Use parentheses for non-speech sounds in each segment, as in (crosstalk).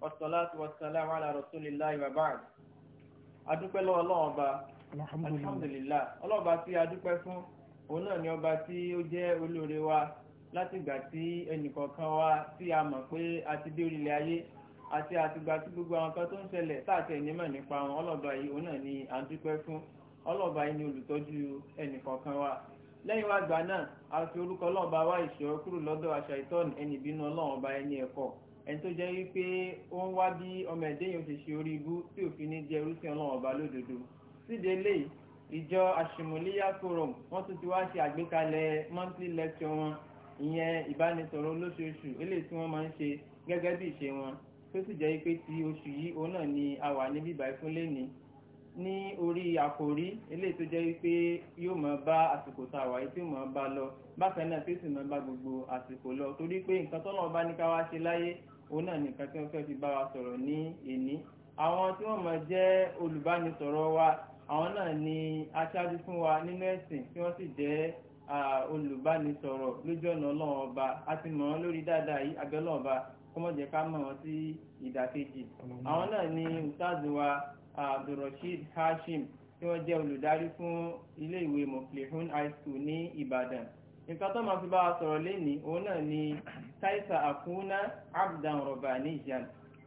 wasalaatu wasalaamu ala rasulillahi wa ba'd adúpẹ́ lọ́wọ́ ọlọ́run ọba alhamdulillah ọlọ́run ọba tí adúpẹ́ fún òun náà ni ọba tí ó jẹ́ olóore wa látìgbà tí ẹnìkọ̀ọ̀kan wa tí a mọ̀ pé a ti dé orílẹ̀ ayé àti àtìgbà tí gbogbo àwọn kan tó ń ṣẹlẹ̀ táàtẹ̀ nímọ̀ nípa wọn ọlọ́ba yìí òun náà ni à ń dúpẹ́ fún ọlọ́ba yìí ni olùtọ́jú ẹnìkọ̀ọ̀kan wa lẹ́yìn wá náà a fi orúkọ ọlọ́ba wa ìṣọ́ kúrò lọ́dọ̀ àṣà ìtọ́ni ẹnì ìbínú ọlọ́run ẹni ẹ̀kọ́ ẹni tó jẹ́ wípé ó ń wá bí ọmọ ẹ̀dẹ́ yóò ṣe ṣe orí ibú tí òfin ní jẹ́ irúsìn ọlọ́run ọba lódodo síde lè ìjọ àṣìmọ̀lẹ́yà forum wọ́n tún ti wá ṣe àgbékalẹ̀ monthly lecture wọn ìyẹn ìbánisọ̀rọ̀ olóṣooṣù eléyìí tí wọ́n máa ń ṣe gẹ́gẹ́ bí ìṣe wọn tó sì jẹ́ wípé ti oṣù yìí òun náà ni a wà níbí ìbáyìí fún lénìí ní orí àkòrí eléyìí tó jẹ́ wípé yóò máa bá àsìkò tá a wà yìí tí yóò máa bá lọ bákan náà tó sì máa bá gbogbo àsìkò lọ torí pé nǹkan tọ́lọ́ bá ní ká wá ṣe láyé òun náà nìkan tí wọ́n fẹ́ fi bá wa sọ̀rọ̀ ní èní àwọn tí wọ́n máa jẹ́ olùbánisọ̀rọ̀ wa àwọn náà ni aṣáájú fún wa nínú ẹ̀sìn tí wọ́n sì jẹ́ olùbánisọ̀rọ̀ lójú ọ̀nà ọlọ́run ọba a ti mọ̀ wọ́n lórí dáadáa yìí abẹ́lọ́ ọba kọ́mọ̀jẹ́ ká mọ̀ wọ́n sí ìdàkejì àwọn náà ni ustaz wa abdulrasheed hashim tí wọ́n jẹ́ olùdarí fún ilé ìwé muflihun high school ní ìbàdàn nǹkan tó máa fi bá a sọ̀rọ̀ òun náà ni taisa akuna abdan robanijan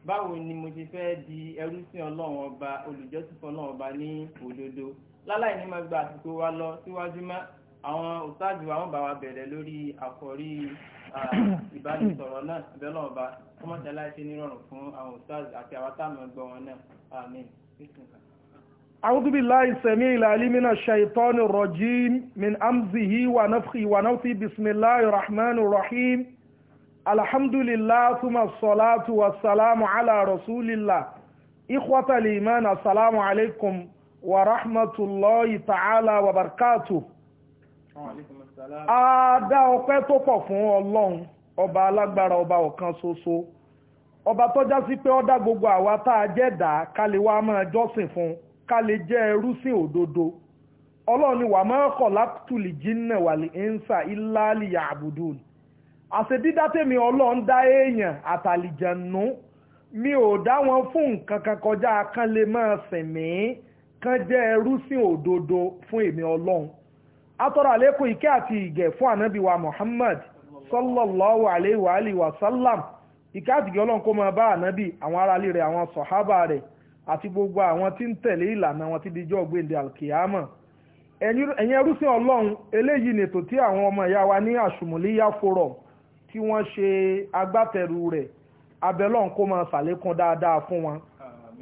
báwo ni mo ti fẹ́ di ẹrú sí ọlọ́run ọba olùjọ́sìn fún ọlọ́run ọba ní òdodo láláì ní máa gba àsìkò wa lọ síwájú mọ́ àwọn òtájú àwọn bá wa bẹ̀rẹ̀ lórí àkọ́rí ìbánisọ̀rọ̀ náà bẹ́lọ̀ ọba kọ́mọ́tẹ́lá ṣe nírọ̀rùn fún àwọn òtájú àti àwọn táwọn ọgbọ́n wọn náà àmín أعوذ بالله السميع العليم من الشيطان الرجيم من أمزه ونفخه ونوثه بسم الله الرحمن الرحيم الحمد لله ثم الصلاة والسلام على رسول الله إخوة الإيمان السلام عليكم ورحمة الله تعالى وبركاته وعليكم السلام a dá ọpẹ́ tó pọ̀ fún Ọlọ́run ọba alágbára ọba ọ̀kan ṣoṣo ọba tó já sí pé ó gbogbo àwa tá jẹ́ dá ká lè máa jọ́sìn fún un ká lè jẹ́ ẹrú sí òdodo ọlọ́run ni wà máa kọ̀ látùlì jìnnà wà lè ń sà ìlàlì àbùdù àṣẹ dídá tèmi ọlọ́run dá èèyàn àtàlìjànú mi ò dá wọn fún nǹkan kan kọjá kan lè máa sìn mí kan jẹ́ ẹrú sí òdodo fún èmi ọlọ́run atọ́rọ àlékún ike àti ìgẹ̀ fún ànábì Muhammad sallallahu alayhi wa alihi wa sallam ìkẹ́ àti ìgẹ̀ ọlọ́run kó máa bá ànábì àwọn aráalé rẹ̀ àwọn sọ̀hábà rẹ̀ àti gbogbo àwọn tí ń tẹ̀lé ìlànà wọn ti di ijọ́ gbèǹde alkiyama ẹ̀yin ẹrúsìn ọlọ́run eléyìí nètò tí àwọn ọmọ ìyá wa ní àṣùmùlíyà forum tí wọ́n ṣe agbátẹrù rẹ̀ abẹ́lọ́n kó máa ṣàlékún dáadáa fún wọn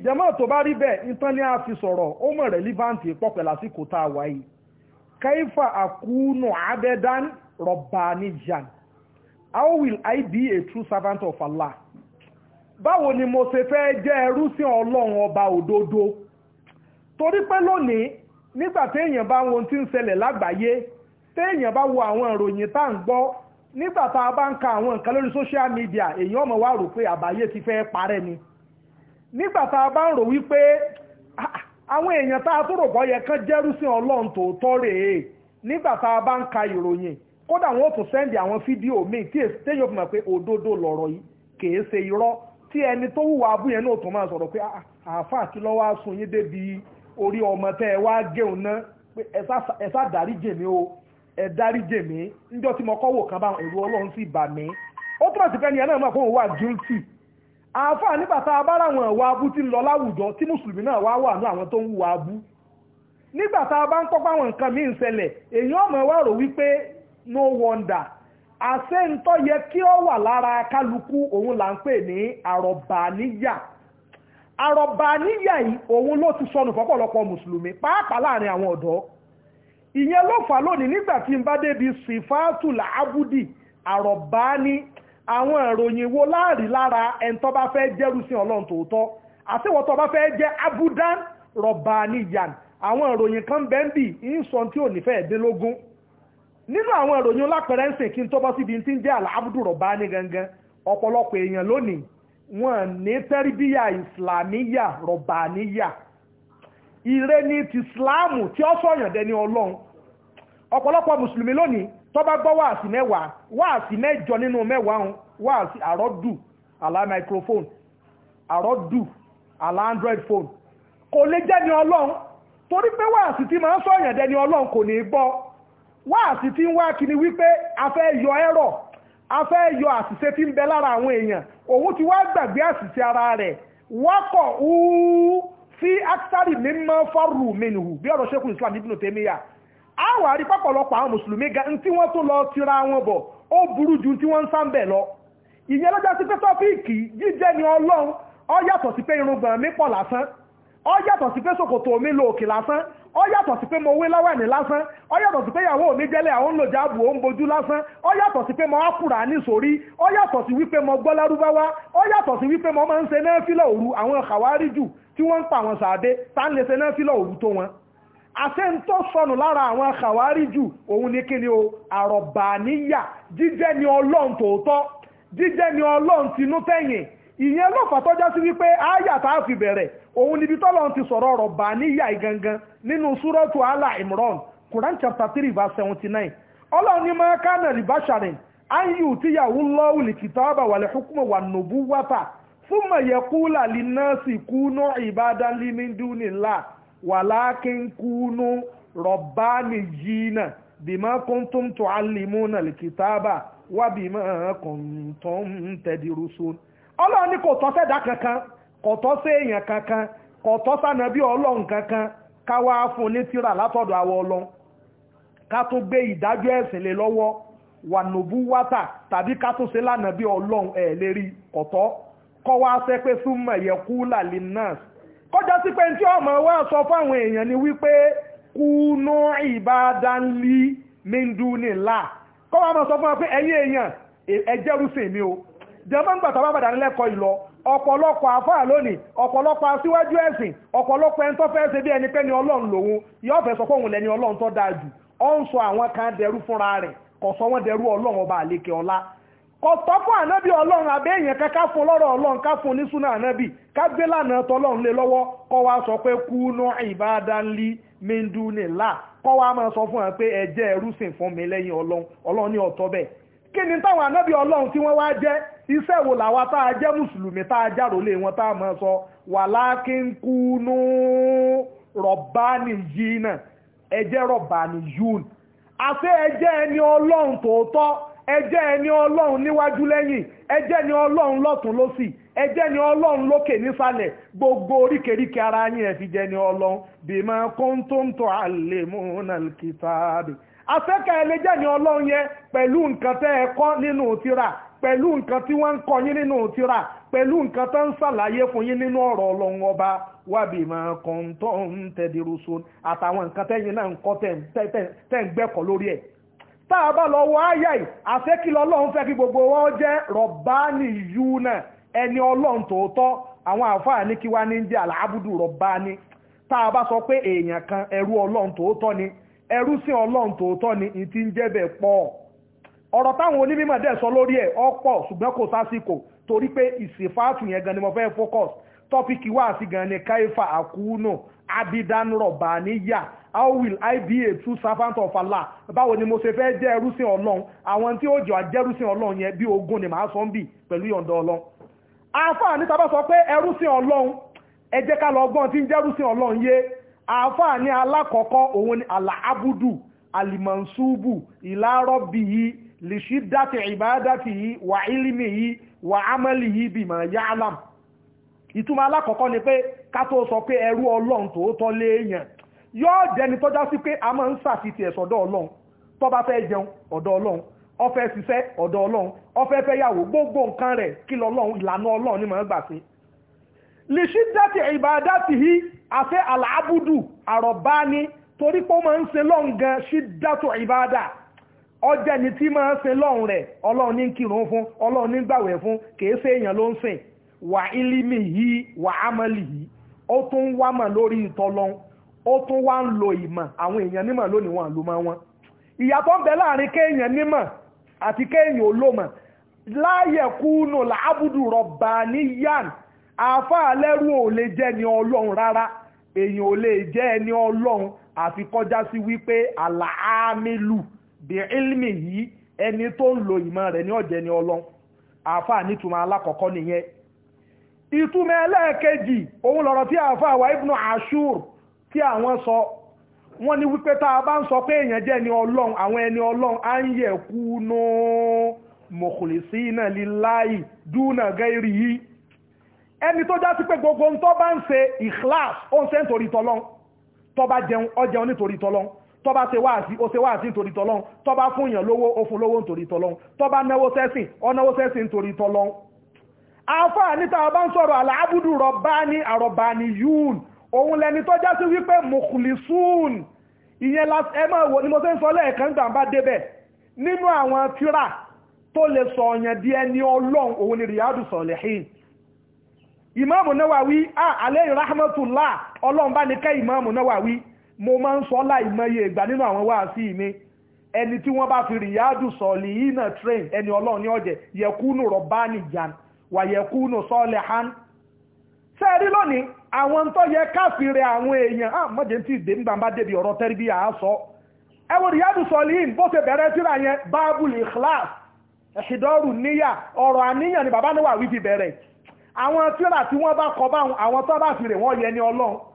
jẹ́mọ́ tó bá rí bẹ́ẹ̀ nǹkan ní a fi sọ̀rọ̀ ó mọ̀ rẹ̀lívàǹtì pọ̀pẹ̀ lásìkò tá a wà yìí kaifa akunu abedan robbanijan how will I be a true servant of Allah báwo ni mo ṣe fẹ́ jẹ́ ẹrú sí ọlọ́run ọba òdodo torí pé lónìí nígbà téèyàn bá wo tí ń ṣẹlẹ̀ lágbàáyé téèyàn bá wo àwọn ìròyìn tá à ń gbọ́ nígbà tá a bá ń ka àwọn nǹkan lórí social media èèyàn ọmọ wa rò pé àbáyé ti fẹ́ parẹ́ ni nígbà tá a bá ń rò wípé ah, àwọn èèyàn tá a tó rò bọ́ yẹ kán jẹ́rú sí ọlọ́run tòótọ́ rèé nígbà tá a bá ń ka ìròyìn kódà wọn ò tún sẹ́ndì àwọn fídíò míì tí fi mọ̀ pé òdodo lọ̀rọ̀ kèé ṣe irọ́ tí ẹni tó hùwà abúyẹn náà tó máa sọ̀rọ̀ pé ah, ah, àáfàá kí lọ́wọ́ asun yín débi orí ọmọ tẹ́ ẹ wá géun ná pé ẹ sá dárí jèmi o ẹ dárí jèmi níjọ́ tí mo kọ́ wò bà mí ó túmọ̀ sí pé ẹni náà wà guilty a bá ráwọn abú lọ láwùjọ tí mùsùlùmí náà wá wà ní àwọn tó ń abú nígbà tá a bá ń àṣẹ ntọ́ yẹ kí ọ wà lára kálukú òun là ń pè ní àrọ̀bàníyà àrọ̀bàníyà yìí òun ló ti sọnù fọ́pọ̀lọpọ̀ mùsùlùmí pàápàá láàrin àwọn ọ̀dọ́ ìyẹn ló fà lónìí nígbà tí n bá débi sífàtù làábùdì àrọ̀bání àwọn ìròyìn wo láàrí lára ẹni bá fẹ́ jẹ́rú sí ọlọ́run tòótọ́ àṣewọ́ bá fẹ́ jẹ́ abudan rọ̀bàníyàn àwọn ìròyìn kan bẹ́ẹ̀ bì ń sọ tí ò nífẹ̀ẹ́ dínlógún nínú àwọn ìròyìn lápẹẹrẹ ń sìn kí n tó bọ́ síbi tí ń jẹ́ aláàbùdùrọ̀bá ní gangan ọ̀pọ̀lọpọ̀ èèyàn lónìí wọn ní tẹ́rìbíyà ìsìlámíyà rọ̀bàníyà ire ní ti ìsìláàmù tí ó sọ̀yàn dẹni ọlọ́run ọ̀pọ̀lọpọ̀ mùsùlùmí lónìí tó bá gbọ́ wáàsí mẹ́wàá wáàsí mẹ́jọ nínú mẹ́wàá wáàsí àrọ́dù àlá microphone àrọ́dù àlá android wáàsí tí ń wá kiri wípé a fẹ́ yọ ẹ̀rọ a fẹ́ yọ àṣìṣe tí ń bẹ lára àwọn èèyàn òun ti wá gbàgbé àṣìṣe ara rẹ̀ wọ́kọ̀ úú sí akitari mímọ́ fọ́rù mẹ́nuhù bí ọ̀rọ̀ ṣẹ́kù Islam ibùdó tẹ́míyà a wà rí pọ̀pọ̀lọpọ̀ àwọn mùsùlùmí ga tí wọ́n tó lọ tira wọn bọ̀ ó burú ju tí wọ́n ń sáńbẹ̀ lọ ìyẹn lọ́jọ́ sí pé tọ́píìkì jíjẹ́ ni ọlọ́run ó yàtọ̀ sí pé irùngbọ̀n mi pọ̀ lásán ó yàtọ̀ sí pé ṣòkòtò mi lòkè lásán ó yàtọ̀ sí pé mo wé láwẹ̀ní lásán ó yàtọ̀ sí pé ìyàwó mi jẹ́lẹ̀ àwọn olùjà ààbò ó ń bojú lásán ó yàtọ̀ sí pé mo ákùrà ní sórí ó yàtọ̀ sí wípé mo gbọ́ lárúbáwá ó yàtọ̀ sí wípé mo máa ń ṣe náfìlà òru àwọn kàwárí jù tí wọ́n ń pa àwọn sàádé tá ń lè ṣe náfìlà òru tó wọn àṣẹ ń tó sọnù lára àwọn kàwárí jù òun ní kí ni o àrọ̀bà níyà jíjẹ́ ni ọlọ́run tòótọ́ jíjẹ́ ni ọlọ́run tinú tẹ̀yìn ìyẹn ló fà tọ́já wípé tá a fi bẹ̀rẹ̀ òun níbi tọ́lọ́ ti sọ̀rọ̀ ọ̀rọ̀ bá níyà gangan nínú súrọ́tù imran quran chapter three verse seventy nine ọlọ́run ní máa kánà rìbáṣàrin áyù tíyàwó lọ́wọ́ lè ọba wàlẹ̀ hukuma wà nùbú wátà fún mọ̀yẹ kúlà lè náà sì kúnú ìbádán límídú nílà wàlákin kúnú tó ọba ọlọ́run ní kò tọ́ sẹ́dá kankan kò tọ́ sí èèyàn kankan kò tọ́ sànàbí ọlọ́run kankan ká wá fún ní tírà látọ̀dọ̀ àwọn ọlọ́run ká tún gbé ìdájọ́ ẹ̀sìn lé lọ́wọ́ wànùbú wátà tàbí ká tún ṣe lánàbí ọlọ́run ẹ̀ lérí ọ̀tọ́ kọ́ wá sẹ́ pé súnmọ̀ yẹ kú làlí náà kọjá sí pé tí ọmọ wa sọ fáwọn èèyàn ni wípé kúnú ìbádánlí míndúnilá kọ́ wá máa sọ fún wa pé ẹ̀yin èèyàn ẹ jẹ́rú sí mi o jẹmọ́ ńgbà tàbá padà nílẹ́kọ̀ọ́ ìlọ ọ̀pọ̀lọpọ̀ àfáà lónìí ọ̀pọ̀lọpọ̀ aṣíwájú ẹ̀sìn ọ̀pọ̀lọpọ̀ ẹni tó fẹ́ ṣe bí ẹni ni ọlọ́run lòun yóò fẹ́ sọ lẹni ọlọ́run tó dáa jù ń sọ àwọn kan dẹrú fúnra rẹ̀ kò ọba ọlá kò fún ànábì ọlọ́run abẹ́ èèyàn fún lọ́rọ̀ ọlọ́run ká fún ní súnà ànábì ká gbé lánàá sọ pé kọ́ wa máa sọ fún pé ẹ jẹ́ fún mi iṣẹ́ wo làwa tá a musulumi mùsùlùmí tá a járò lé wọn tá a máa sọ wàlákínkúnú rọ̀bánì yìí náà ẹ jẹ́ rọ̀bánì yún àti ẹ jẹ́ ẹni ọlọ́run tòótọ́ ẹ jẹ́ ẹni ọlọ́run níwájú lẹ́yìn ẹ ẹni ọlọ́run ẹni lókè gbogbo oríkèríkè ara yín ẹ fi jẹ́ ẹni ọlọ́run bima kuntum tu'allimuna al-kitab àfẹ́kẹ́ ẹ lè jẹ́ ẹni ọlọ́run yẹn pẹ̀lú nǹkan tẹ́ ẹ kọ́ nínú pẹ̀lú nǹkan tí wọ́n ń kọ yín nínú tírà pẹ̀lú nǹkan tó ń ṣàlàyé fún yín nínú ọ̀rọ̀ ọlọ́run ọba wàbí máa kàn tó ń àtàwọn nǹkan tẹ́yìn náà ń kọ́ tẹ̀ ń gbẹ́kọ̀ lórí ẹ̀. tá a bá lọ wọ àfẹ́kìlọ́ ọlọ́run fẹ́ gbogbo wọn jẹ́ rọ̀bánì ẹni ọlọ́run tòótọ́ àwọn àfáà ní kí wá ní jẹ́ a bá sọ pé èèyàn kan ẹrú ọlọ́run tòótọ́ ni ẹrú sí ọlọ́run tòótọ́ ni ìtí ọ̀rọ̀ táwọn onímọ̀ dẹ̀ sọ lórí ẹ̀ ọ̀pọ̀ ṣùgbọ́n kò sásìkò torí pé ìsìnfàtù yẹn gan ni mo fẹ́ focus tọ́pìkì wà sí gan ni káífà àkúnù abidanrọ̀ bàníyà how will I be a true servant of Allah báwo ni mo ṣe fẹ́ jẹ́ ẹrúsìn ọlọ́run àwọn tí ó jọ àjẹrúsìn ọlọ́run yẹn bí ogún ni màá sọ ń bì pẹ̀lú yọ̀ǹda ọlọ́run àáfàá ní tábà sọ pé ẹrúsìn ọlọ́run ẹ jẹ́ ká lọ gbọ́n tí ń jẹ́rúsìn ọlọ́run yé àáfàá ní alákọ̀ọ́kọ́ òun ni àlàábùdù àlìmọ̀nsúbù ìlárọ̀bìyí lìṣídàtì ìbádàtì yìí wà ílímì yìí wà ámẹ́lì yìí bìmọ̀ yáàlám ìtumọ̀ alákọ̀ọ́kọ́ ni pé ká tó sọ pé ẹrú ọlọ́run tòótọ́ léèyàn yóò jẹni tó já sí pé a máa ń sàfitì ẹ̀sọ̀dọ̀ ọlọ́run tó bá fẹ́ jẹun ọ̀dọ̀ ọlọ́run ó ṣiṣẹ́ ọ̀dọ̀ ọlọ́run ó fẹ́ yàwó gbogbo nǹkan rẹ̀ kí lọ́lọ́run ìlànà ọlọ́run ni ọjà ni tí máa ń sin lọ́run rẹ̀ ọlọ́run ní kírun fún ọlọ́run ní gbàwẹ̀ fún kìí ṣe èèyàn ló ń sìn wà ílímì yìí wà yìí ó tún wá mà lórí ìtọ́lọ́n ó tún wá ń lo ìmọ̀ àwọn èèyàn nímọ̀ lónìí wọn ìyàtọ̀ ń kéèyàn nímọ̀ àti kéèyàn olómọ̀ láàyè làábùdù rọ̀bà ò ni ọlọ́run rárá èèyàn ò lè bí ilmi yìí ẹni tó ń lo ìmọ̀ rẹ̀ ní ọ̀jẹ̀ ni ọlọ́n àáfàá nítumọ̀ alákọ̀ọ́kọ́ nìyẹn ìtumọ̀ ẹlẹ́ẹ̀kejì òun lọ̀rọ̀ tí àáfàá wa ibnu ashur tí àwọn sọ wọ́n ní wípé tá a bá ń sọ pé èèyàn jẹ́ ni ọlọ́n àwọn ẹni ọlọ́n á ń yẹ̀ kú nù mukhlisina lillahi dúnà gẹ́rì yìí ẹni tó já pé gbogbo ń tó bá ń ṣe ìkíláàsì ó ń ṣe nítorí tọ́lọ́n tó bá jẹun ó nítorí tọ́lọ́n tó bá ṣe wáàsí ó ṣe wáàsí nítorí tọ́lọ́n tó bá fún èèyàn lówó ó fún lówó nítorí tọ́lọ́n tó bá náwó sẹ́sìn ó náwó sẹ́sìn nítorí tọ́lọ́n afá níta bá ń sọ̀rọ̀ aláàbùdù rọ̀bání àrọ̀bání yún òun lẹni tó jásí wípé mùkùlìsún ìyẹn ẹ máa wò mo ṣe ń sọ lẹ́ẹ̀kan gbà bá débẹ̀ nínú àwọn tírà tó lè sọ ọ̀yàn di ẹni ọlọ́run òun ni riyadu sọ̀lẹ̀hìn ìmáàmù Nawawi a ah, alayhi rahmatullah ọlọ́run bá ní kẹ́ ìmáàmù Nawawi mo máa ń sọ láìmọye ìgbà nínú àwọn wáàsí mi ẹni tí wọ́n bá fi rìyádù sọ̀lì yìí náà train ẹni ọlọ́run ní ọ̀jẹ̀ yẹkúnù rọ̀bánì jan wà yẹkúnù sọ́ọ̀lẹ̀ han sẹ́ẹ̀rí lónìí àwọn tó yẹ káfìrẹ àwọn èèyàn ah mọ́jẹ̀ tí ìdè nígbà bá débi ọ̀rọ̀ tẹ́rìbí àásọ ẹwọ ríyádù sọlíìn bó ṣe bẹ̀rẹ̀ síra yẹn báàbùlì ikhlas ẹ̀ṣìdọ́rù níyà ọ̀rọ̀ àníyàn ni bàbá níwà wí fi bẹ̀rẹ̀ àwọn tíra tí wọ́n bá kọ báwọn àwọn tó bá fìrẹ̀ wọ́n yẹ ní ọlọ́run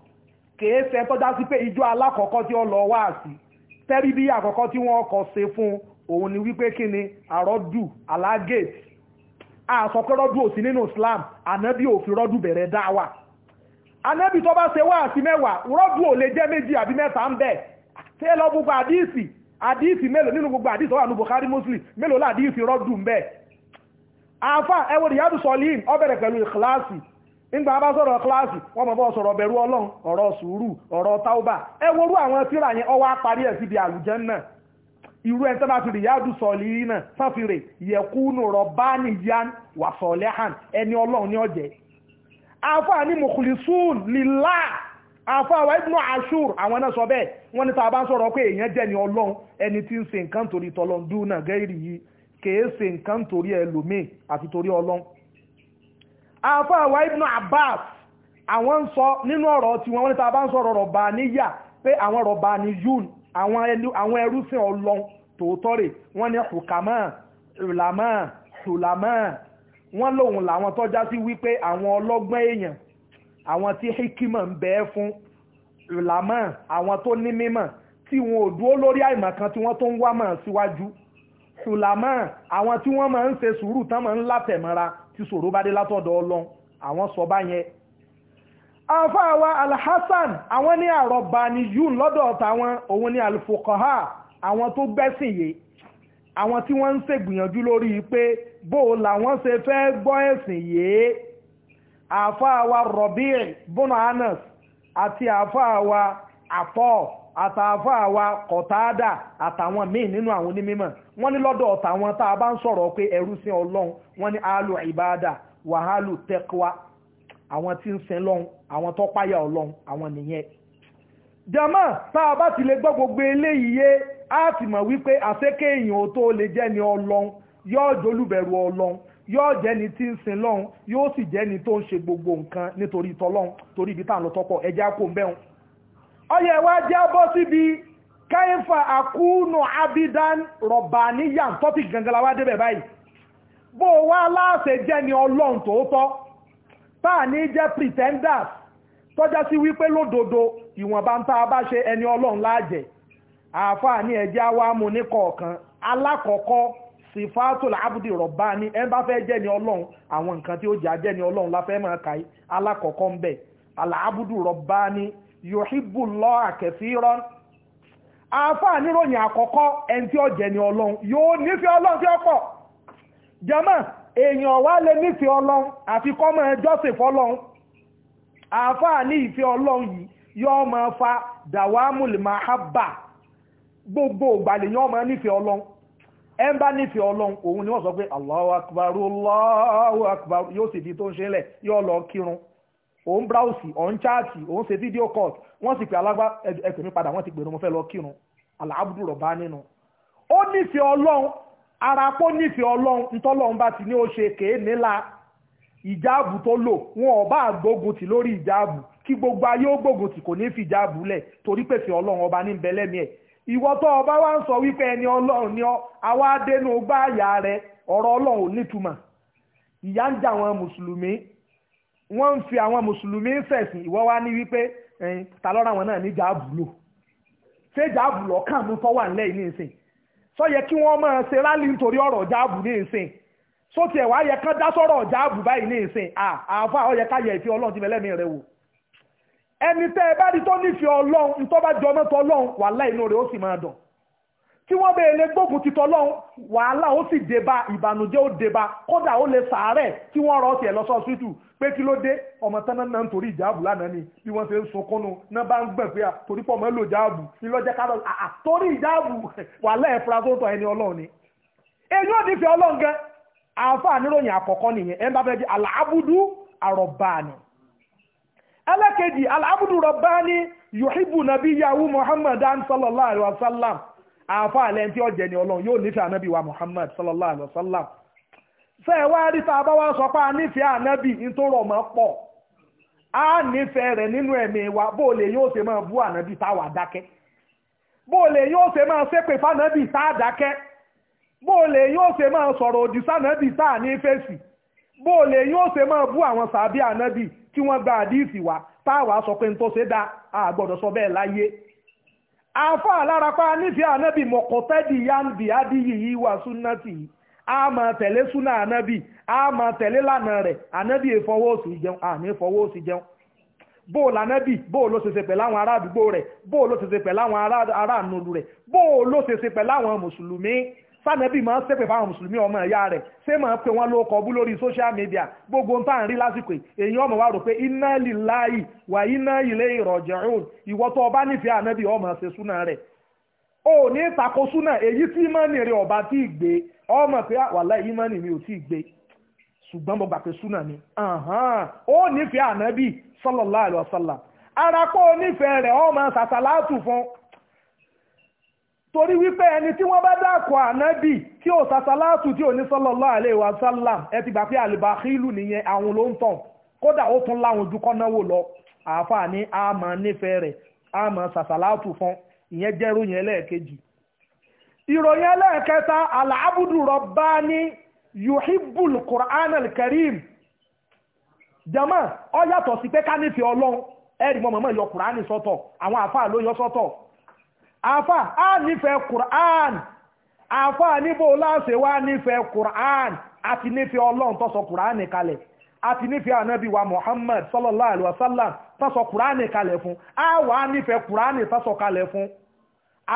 kèé ṣe tó dá sí pé ìjọ alákọ̀ọ́kọ́ tí ó lọ wá sí tẹ́rí bí àkọ́kọ́ tí wọ́n kọ́ ṣe fún òun ni wípé kí ni àrọ́dù alágate àsọpẹ́ rọ́dù òsì nínú Islam ànábì òfin rọ́dù bẹ̀rẹ̀ dá wà ànábì tó bá ṣe wá sí mẹ́wàá rọ́dù ò lè jẹ́ méjì àbí mẹ́ta ń bẹ̀ ṣé lọ gbogbo àdíìsì àdíìsì mélòó nínú gbogbo àdíìsì wà ní Bukhari Muslim mélòó láàdíìsì rọ́dù ń bẹ̀ àáfà ẹwọ́n ìyádùsọ̀lì ọbẹ̀rẹ̀ pẹ̀lú ìkíláàsì nígbà bá sọ̀rọ̀ kíláàsì wọ́n mọ̀ bọ́ sọ̀rọ̀ bẹ̀rù ọlọ́run ọ̀rọ̀ sùúrù ọ̀rọ̀ taubà ẹ worú àwọn tíra yẹn ọwọ́ parí ẹ̀ síbi àlùjẹ́ náà irú ẹ̀ tẹ́lá fi rìyádù sọ̀lì náà sáfìrè yẹ̀kúnù rọ̀bánì wà ẹni ni mukhlisun lillah a ni ọlọ́run ẹni tí ń ṣe nǹkan torí tọlọ́ndún náà àfáà wa Ibn Abbas àwọn ń sọ nínú ọ̀rọ̀ tí wọ́n níta bá ń sọ̀rọ̀ rọ̀bà níyà pé àwọn rọ̀bà ní yún àwọn ẹrúsìn ọlọ́n tòótọ́ rẹ̀ wọ́n ní hùkàmọ́ ìlàmọ́ ṣùlàmọ́ wọ́n lòun làwọn tó já sí wípé àwọn ọlọ́gbọ́n èèyàn àwọn tí hikima ń bẹ́ẹ̀ fún ìlàmọ́ àwọn tó ní mímọ̀ tí wọn ò dúró lórí àìmọ̀ kan tí wọ́n tó ń wá mọ̀ síwájú ṣùlàmọ́ àwọn tí wọ́n máa ń ṣe sùúrù tán máa ń látẹ̀mọ́ra tí ṣòro bá dé látọ̀dọ̀ ọlọ́run àwọn sọ bá yẹn afáwa alhassan àwọn ní àrọ̀bà ni yún lọ́dọ̀ tàwọn òun ní alfuqaha àwọn tó gbẹ́sìn yìí àwọn tí wọ́n ń ṣègbìyànjú lórí pé bó làwọn ṣe fẹ́ gbọ́ ẹ̀sìn yìí àfáwa rọ̀bíì bùnà anas àti àfáwa àtọ́ àtàfà wa kọ̀tàádà àtàwọn míì nínú àwọn onímọ̀ wọ́n ní lọ́dọ̀ ọ̀tàwọn tá a bá ń sọ̀rọ̀ pé ẹrú sí ọlọ́run wọ́n ní alu ìbáadà wàhálù tẹ́kwa àwọn tí ń sin lọ́run àwọn tó páyà ọlọ́run àwọn nìyẹn jama tá a bá ti lè gbọ́ gbogbo eléyìí yé ti mọ̀ wípé àṣekè èèyàn tó lè jẹ́ ni ọlọ́run yóò jólùbẹ̀rù ọlọ́run yóò jẹ́ ni tí ń sin lọ́run yóò sì jẹ́ ni tó ọyẹ wa jẹ́ bọ́ síbi káyínfà àkúnù abidan rọ̀bàníyàn tọ́pì gangala wá débẹ̀ báyìí bó wá láàṣẹ jẹ́ ni ọlọ́run tòótọ́ táà ní jẹ́ pretenders tọ́já sí wípé lódodo ìwọ̀nba ń tá bá ṣe ẹni ọlọ́run láàjẹ́ àáfàá ní ẹjẹ́ wa mú ní kọ̀ọ̀kan alákọ̀ọ́kọ́ sifatul abdi rọ̀bání ẹ bá fẹ́ jẹ́ ni ọlọ́run àwọn nǹkan tí ó jà jẹ́ ni ọlọ́run la fẹ́ máa kàí alákọ̀ọ́kọ́ ń bẹ̀ alábùdù rọ̀bání yòhíbù lọ àkẹsíran àáfàá níròyìn àkọ́kọ́ ẹni tí ó jẹ́ ni ọlọ́run yóò nífẹ̀ẹ́ ọlọ́run tí ó pọ̀ jẹ́mọ́ èèyàn wá lè nífẹ̀ẹ́ ọlọ́run àfi kọ́mọ ẹjọ́sìn fọlọ́run àáfàá ní ìfẹ́ ọlọ́run yìí yóò máa fa dàwámùlì mahabba gbogbo ìgbàlè yóò máa nífẹ̀ẹ́ ọlọ́run ẹ ń bá nífẹ̀ẹ́ ọlọ́run òun ni wọ́n sọ pé Allahu akbar Allahu akbar yóò sì di tó ń ṣe lẹ̀ yóò lọ kírun òun bráùsì òun chaati òun ṣe fídíò court wọ́n sì pè alágbá ẹ̀pẹ̀ mi padà wọ́n ti pè ní mo fẹ́ lọ kírun aláàbùdù rọ̀bá nínú. ó nífẹ̀ẹ́ ọlọ́run arapó nífẹ̀ẹ́ ọlọ́run ntọ́lọ́run bá ti ní ó ṣe kéé nílá ìjáàbù tó lò wọn ò bá gbógun tì lórí ìjáàbù kí gbogbo ayé ó gbógun tì kò ní fi ìjáàbù lẹ̀ torí pèsè ọlọ́run ọba ní bẹ́lẹ́mìí ẹ̀ ìwọ tó ọba wá ń sọ wípé ẹni ọlọ́run ni ọ àwa dénú gbáàyà rẹ ọ̀rọ̀ ọlọ́run ò nítumọ̀ ìyá ń jà wọn mùsùlùmí wọ́n fi àwọn mùsùlùmí sẹ̀sìn ìwọ́ wá ní wípé ta lọ́ra wọn náà ní jàbùlò ṣé jàbùlò kàn mú fọ́wà ńlẹ̀ yìí sọ yẹ kí wọ́n máa ṣe rálì nítorí ọ̀rọ̀ jàbù ní ìsìn tiẹ̀ wá yẹ dá sọ̀rọ̀ báyìí yẹ rẹ wò ẹni tẹ́ ẹ bá rí tó nífẹ̀ẹ́ ọlọ́run bá ọlọ́run tí wọ́n bẹ̀rẹ̀ lé gbógun ti tọ́lọ́hún wàhálà ó sì dé ìbànújẹ́ ó dé kódà ó lè sàárẹ̀ tí wọ́n rọ tiẹ̀ lọ́sọ̀ ṣútù pé kí ló dé ọmọ tán náà ń torí ìjáàbù lánàá ni bí wọ́n ṣe ń sunkúnnu náà bá ń gbọ̀n pé torí pọ̀ mọ́ lò jáàbù ìlọ́jẹ́ kárọ̀ àtórí ìjáàbù (laughs) wàhálà ẹ̀ fura tó ẹni ọlọ́run ni. èyí ò ní fi ọlọ́run afọ alẹ́ tí ọ̀jẹ̀ ni ọlọ́run yóò nífẹ̀ẹ́ wa Muhammad sallallahu alayhi wa sallam ṣe sọkwa tá a bá wá sọ pé a nífẹ̀ẹ́ mọ́ pọ̀ nínú ẹ̀mí wa yóò ṣe máa bú ànábì táwa dákẹ́ yóò ṣe máa ṣépè tá a dákẹ́ yóò ṣe máa sọ̀rọ̀ òdì tá ní fèsì yóò ṣe máa bú àwọn sàbí tí wọ́n gba àdíìsì wa afa alárapá nífẹ̀ẹ́ ànábì mọ̀kọ́tẹ́dì yandi adìyí wà súnátì a máa tele suna anabi, a tele tẹ̀lé lànà rẹ̀ ànábì ìfọwọ́ òsì jẹun àní ìfọwọ́ òsì jẹun bóò lànábì bóò ló ṣeṣe pẹ̀lú àwọn ará àdúgbò rẹ̀ bóò ló ṣeṣe pẹ̀lú àwọn ará ànúlù rẹ̀ bóò ló ṣeṣe àwọn mùsùlùmí sànẹ́bì máa ń ṣépè fáwọn mùsùlùmí ọmọ ẹ̀yà rẹ̀ ṣé máa pè wọ́n ló bú lórí social media gbogbo ń tàn rí lásìkò èyí ọmọ wa rò pé iná líláyì wà iná ilé ìrọ̀jẹ̀rún ìwọ́ tó ọba nífẹ̀ẹ́ ànẹ́bì ọmọ ṣe súnà rẹ̀ o ní ìtako súnà èyí tí ìmọ̀nì rẹ̀ ọba tí ì gbé ọmọ pé ah, wàlá ìmọ̀nì mi ò tí ì gbé ṣùgbọ́n mo gbà pé súnà ni ó nífẹ̀ẹ́ ànẹ́bì sallallahu alaihi torí wípé ẹni tí wọ́n bá dákọ̀ ànábì tí ò sàtàlátù tí ò ní sallallahu alaihi wa sallam ẹ ti gbà pé àlùbáhílù nìyẹn àwọn ló ń tàn kódà ó tún láwọn ojú kọ́náwó lọ àáfàá ní àmọ́ nífẹ̀ẹ́ rẹ̀ àmọ́ sàtàlátù fún ìyẹn jẹ́rú yẹn lẹ́ẹ̀kejì ìròyìn ẹlẹ́ẹ̀kẹta alábùdù rọ̀bá ní yuhibbul qur'an al-karim jama ọ yàtọ̀ sí pé ká àfà á nífẹ̀ẹ́ Qur'an àfà níbo láṣẹ wá nífẹ̀ẹ́ Qur'an àti nífẹ̀ẹ́ ọlọ́run tó sọ Qur'an kalẹ̀ àti nífẹ̀ẹ́ ànábì wa Muhammad sallallahu alaihi wasallam tó sọ Qur'an kalẹ̀ fún á wà nífẹ̀ẹ́ Qur'an tó sọ kalẹ̀ fún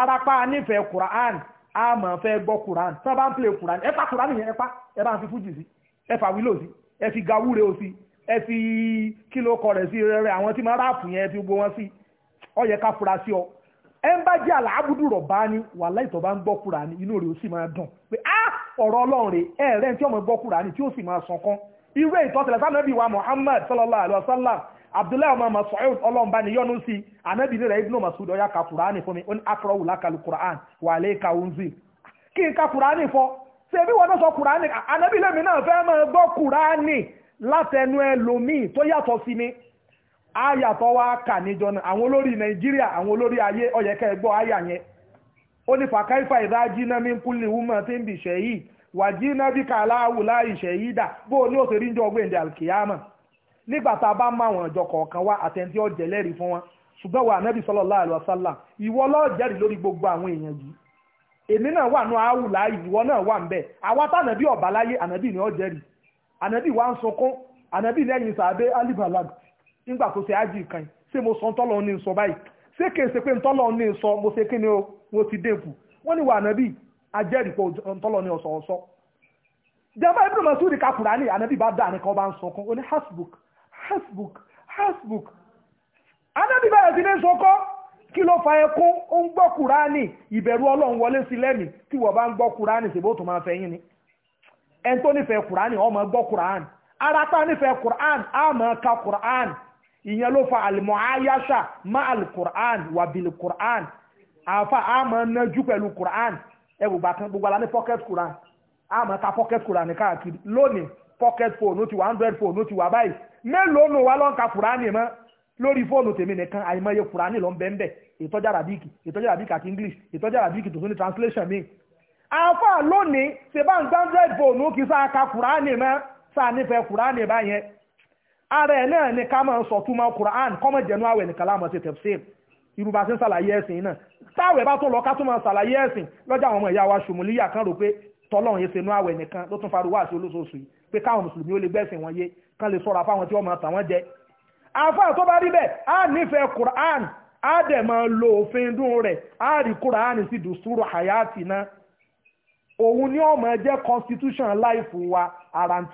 arapa nífẹ̀ẹ́ Qur'an á máa fẹ́ gbọ́ Qur'an tó bá ń pè Qur'an ẹ pa Qur'an yẹn ẹ pa ẹ bá ń fi fújì sí ẹ fà wílò sí ẹ fi gawúre o sí ẹ fi kí ló kọ rẹ̀ sí rẹ̀ àwọn tí máa ráàpù yẹn ẹ fi gbó wọn sí ẹ ń bá jẹ́ àlàábùdù rọ̀bá ni wàhálà ìtọ̀ bá ń gbọ́ Kùránì inú rẹ̀ ó sì máa dùn pé á ọ̀rọ̀ Ọlọ́run rè ẹ rẹ̀ tí ọmọ gbọ́ Kùránì tí ó sì máa sọ̀kan irú ìtọ́sẹ̀lẹ̀ sanabi wa Muhammad sallallahu alayhi wa sallam Abdullahi ọmọ Mas'ud ọlọ́mba ni yọ́nu sí anabi rẹ̀ Ibn Mas'ud ọ̀yà ka Kùránì fún mi ó ní akọrọ̀wù lákàlù Kùránì wà lè ka ounzi kí n ka Kùránì fọ ṣebí wọn sọ Kùránì anabi lẹ́mi náà fẹ́ máa gbọ́ Kùránì látẹnu ẹlòmíì tó yàtọ̀ sí mi àyà tó wá kà níjọ jọna àwọn olórí nàìjíríà àwọn olórí ayé ọ̀yẹ̀kẹ́ gbọ́ àyà yẹn ó ní fàkàìfà ìdájí náà mi ń kúlẹ̀ tí ń bì ṣẹ́yìí wàjí náà bí kàlá àwùlá ìṣẹ́yìí dà bó ní òṣèré ń jọ ọgbẹ́ ìdí àlùkìyàmọ̀ nígbà tá a bá mọ àwọn ìjọ kọ̀ọ̀kan wá àtẹ̀ntí ọ̀jẹ̀ lẹ́rìí fún wọn gbogbo àwọn èèyàn yìí èmi náà wà ìwọ náà wa ń sunkún ànàbí nígbà tó ṣe ájì kan ṣé mo sọ ntọ́lọ́ ní sọ báyìí ṣé kèé ṣe pé ntọ́lọ́ ní sọ mo ṣe kí ni o mo ti dẹ́kù wọ́n ní wà ànábì ajẹ́rìí pé ntọ́lọ́ ní ọ̀sọ̀ ọ̀sọ́ jẹ́bá ibùdó mọ̀ sóòdì kakùrà ní Anabi bá dà nìkan bá ń sọkún ó ní hasbuk hasbuk hasbuk ànábì bẹ̀rẹ̀ sí ní sọkọ́ kí ló fa ẹkún ó ń gbọ́ kùránì ìbẹ̀rù ọlọ́run wọlé sí lẹ́mìí tí wọ́n bá ń gbọ́ kùránì ṣèbó tó máa fẹ́yìn ni ẹni tó nífẹ̀ẹ́ kùránì ó gbọ́ kùránì ara tá nífẹ̀ẹ́ kùránì á máa ka kùránì ìyẹn ló fa àlùmọ̀ ayáṣà má alukur'an wà bìlì kur'an àfa àmọ́ nájú pẹ̀lú kur'an ẹ gbogbo kan gbogbo ala ní pocket kur'an àmọ́ ta pocket kur'an ní káàkiri lónìí pocket phone ó ti wà hundred phone ó ti wà báyìí mélòó nù wá lọ́n ka kur'an mọ́ lórí fóònù tèmi nìkan àìmọye kur'an ló ń bẹ́ẹ̀ bẹ́ẹ̀ ìtọ́jú arabiki ìtọ́jú arabiki àti english ìtọ́jú arabiki tuntun ní translation mi àfa lónìí ṣe bá ń gbá hundred phone ó kì í sáà ara ẹ̀ náà ni ká máa sọ túmọ̀ Quran kọ́mọ̀ jẹ́nu àwẹ̀ nìkan láàmú ṣe tẹ̀síìr irú bá ṣe ń ṣàlàyé ẹ̀sìn náà táwẹ̀ bá tó lọ ká tó máa ṣàlàyé ẹ̀sìn lọ́jà àwọn ọmọ ìyá wa ṣùmùlíyà kan rò pé tọ́lọ́run yẹn ṣe nú àwẹ̀ nìkan ló tún faruwá àti olóṣooṣù yìí pé káwọn mùsùlùmí ó lè gbẹ̀sìn wọn yé kán lè sọ̀rọ̀ fáwọn tí wọ́n máa tàwọn jẹ. àfa tó bá rí bẹ́ẹ̀ á nífẹ̀ẹ́ Quran á dẹ̀ máa lo òfin dùn rẹ̀ á rí Quran sí dùsúrù hayati náà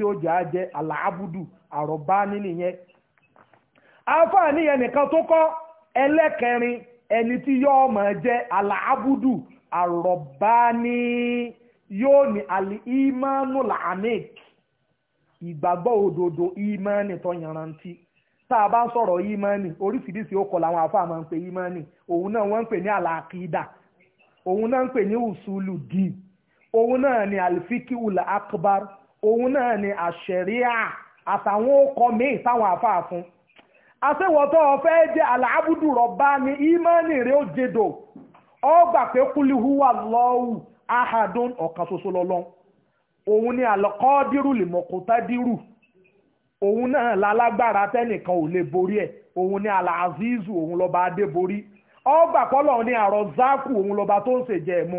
jẹ́ àrọ̀bá nínú yẹn àfààní yẹn nìkan tó kọ́ ẹlẹ́kẹrin ẹni tí yóò máa jẹ́ aláàbùdù àrọ̀bá ní yóò ní alìímánú làánìk ìgbàgbọ́ òdodo ìmánì tó yanrantí tá a bá ń sọ̀rọ̀ ìmánì oríṣiríṣi ó kọ làwọn àfáà máa ń pè ìmánì òun náà wọ́n ń pè ní àlàkídà òun náà ń pè ní usulu di òun náà ni alifikiul akbar òun náà ni àṣẹríà àtàwọn ọkọ̀ míì táwọn àfáà fún àṣewọ̀tọ́ ọ̀fẹ́ jẹ́ aláàbùdù rọ̀bá ni ìmánì rẹ̀ ó jẹ́dò ọ gbà pé kúlíhúwà lọ́wù ahadun ọ̀kan ṣoṣo lọ́lọ́ òun ni àlọ́kọ́dírù lèmọ̀kútádírù òun náà lálágbára tẹ́nìkan ò lè borí ẹ̀ òun ni àlàáfíìsù òun lọ́ba adé borí ọ gbà pọ́lọ̀ ni àrọ̀zákù òun lọ́ba tó ń ṣèjẹ́ ẹ̀mú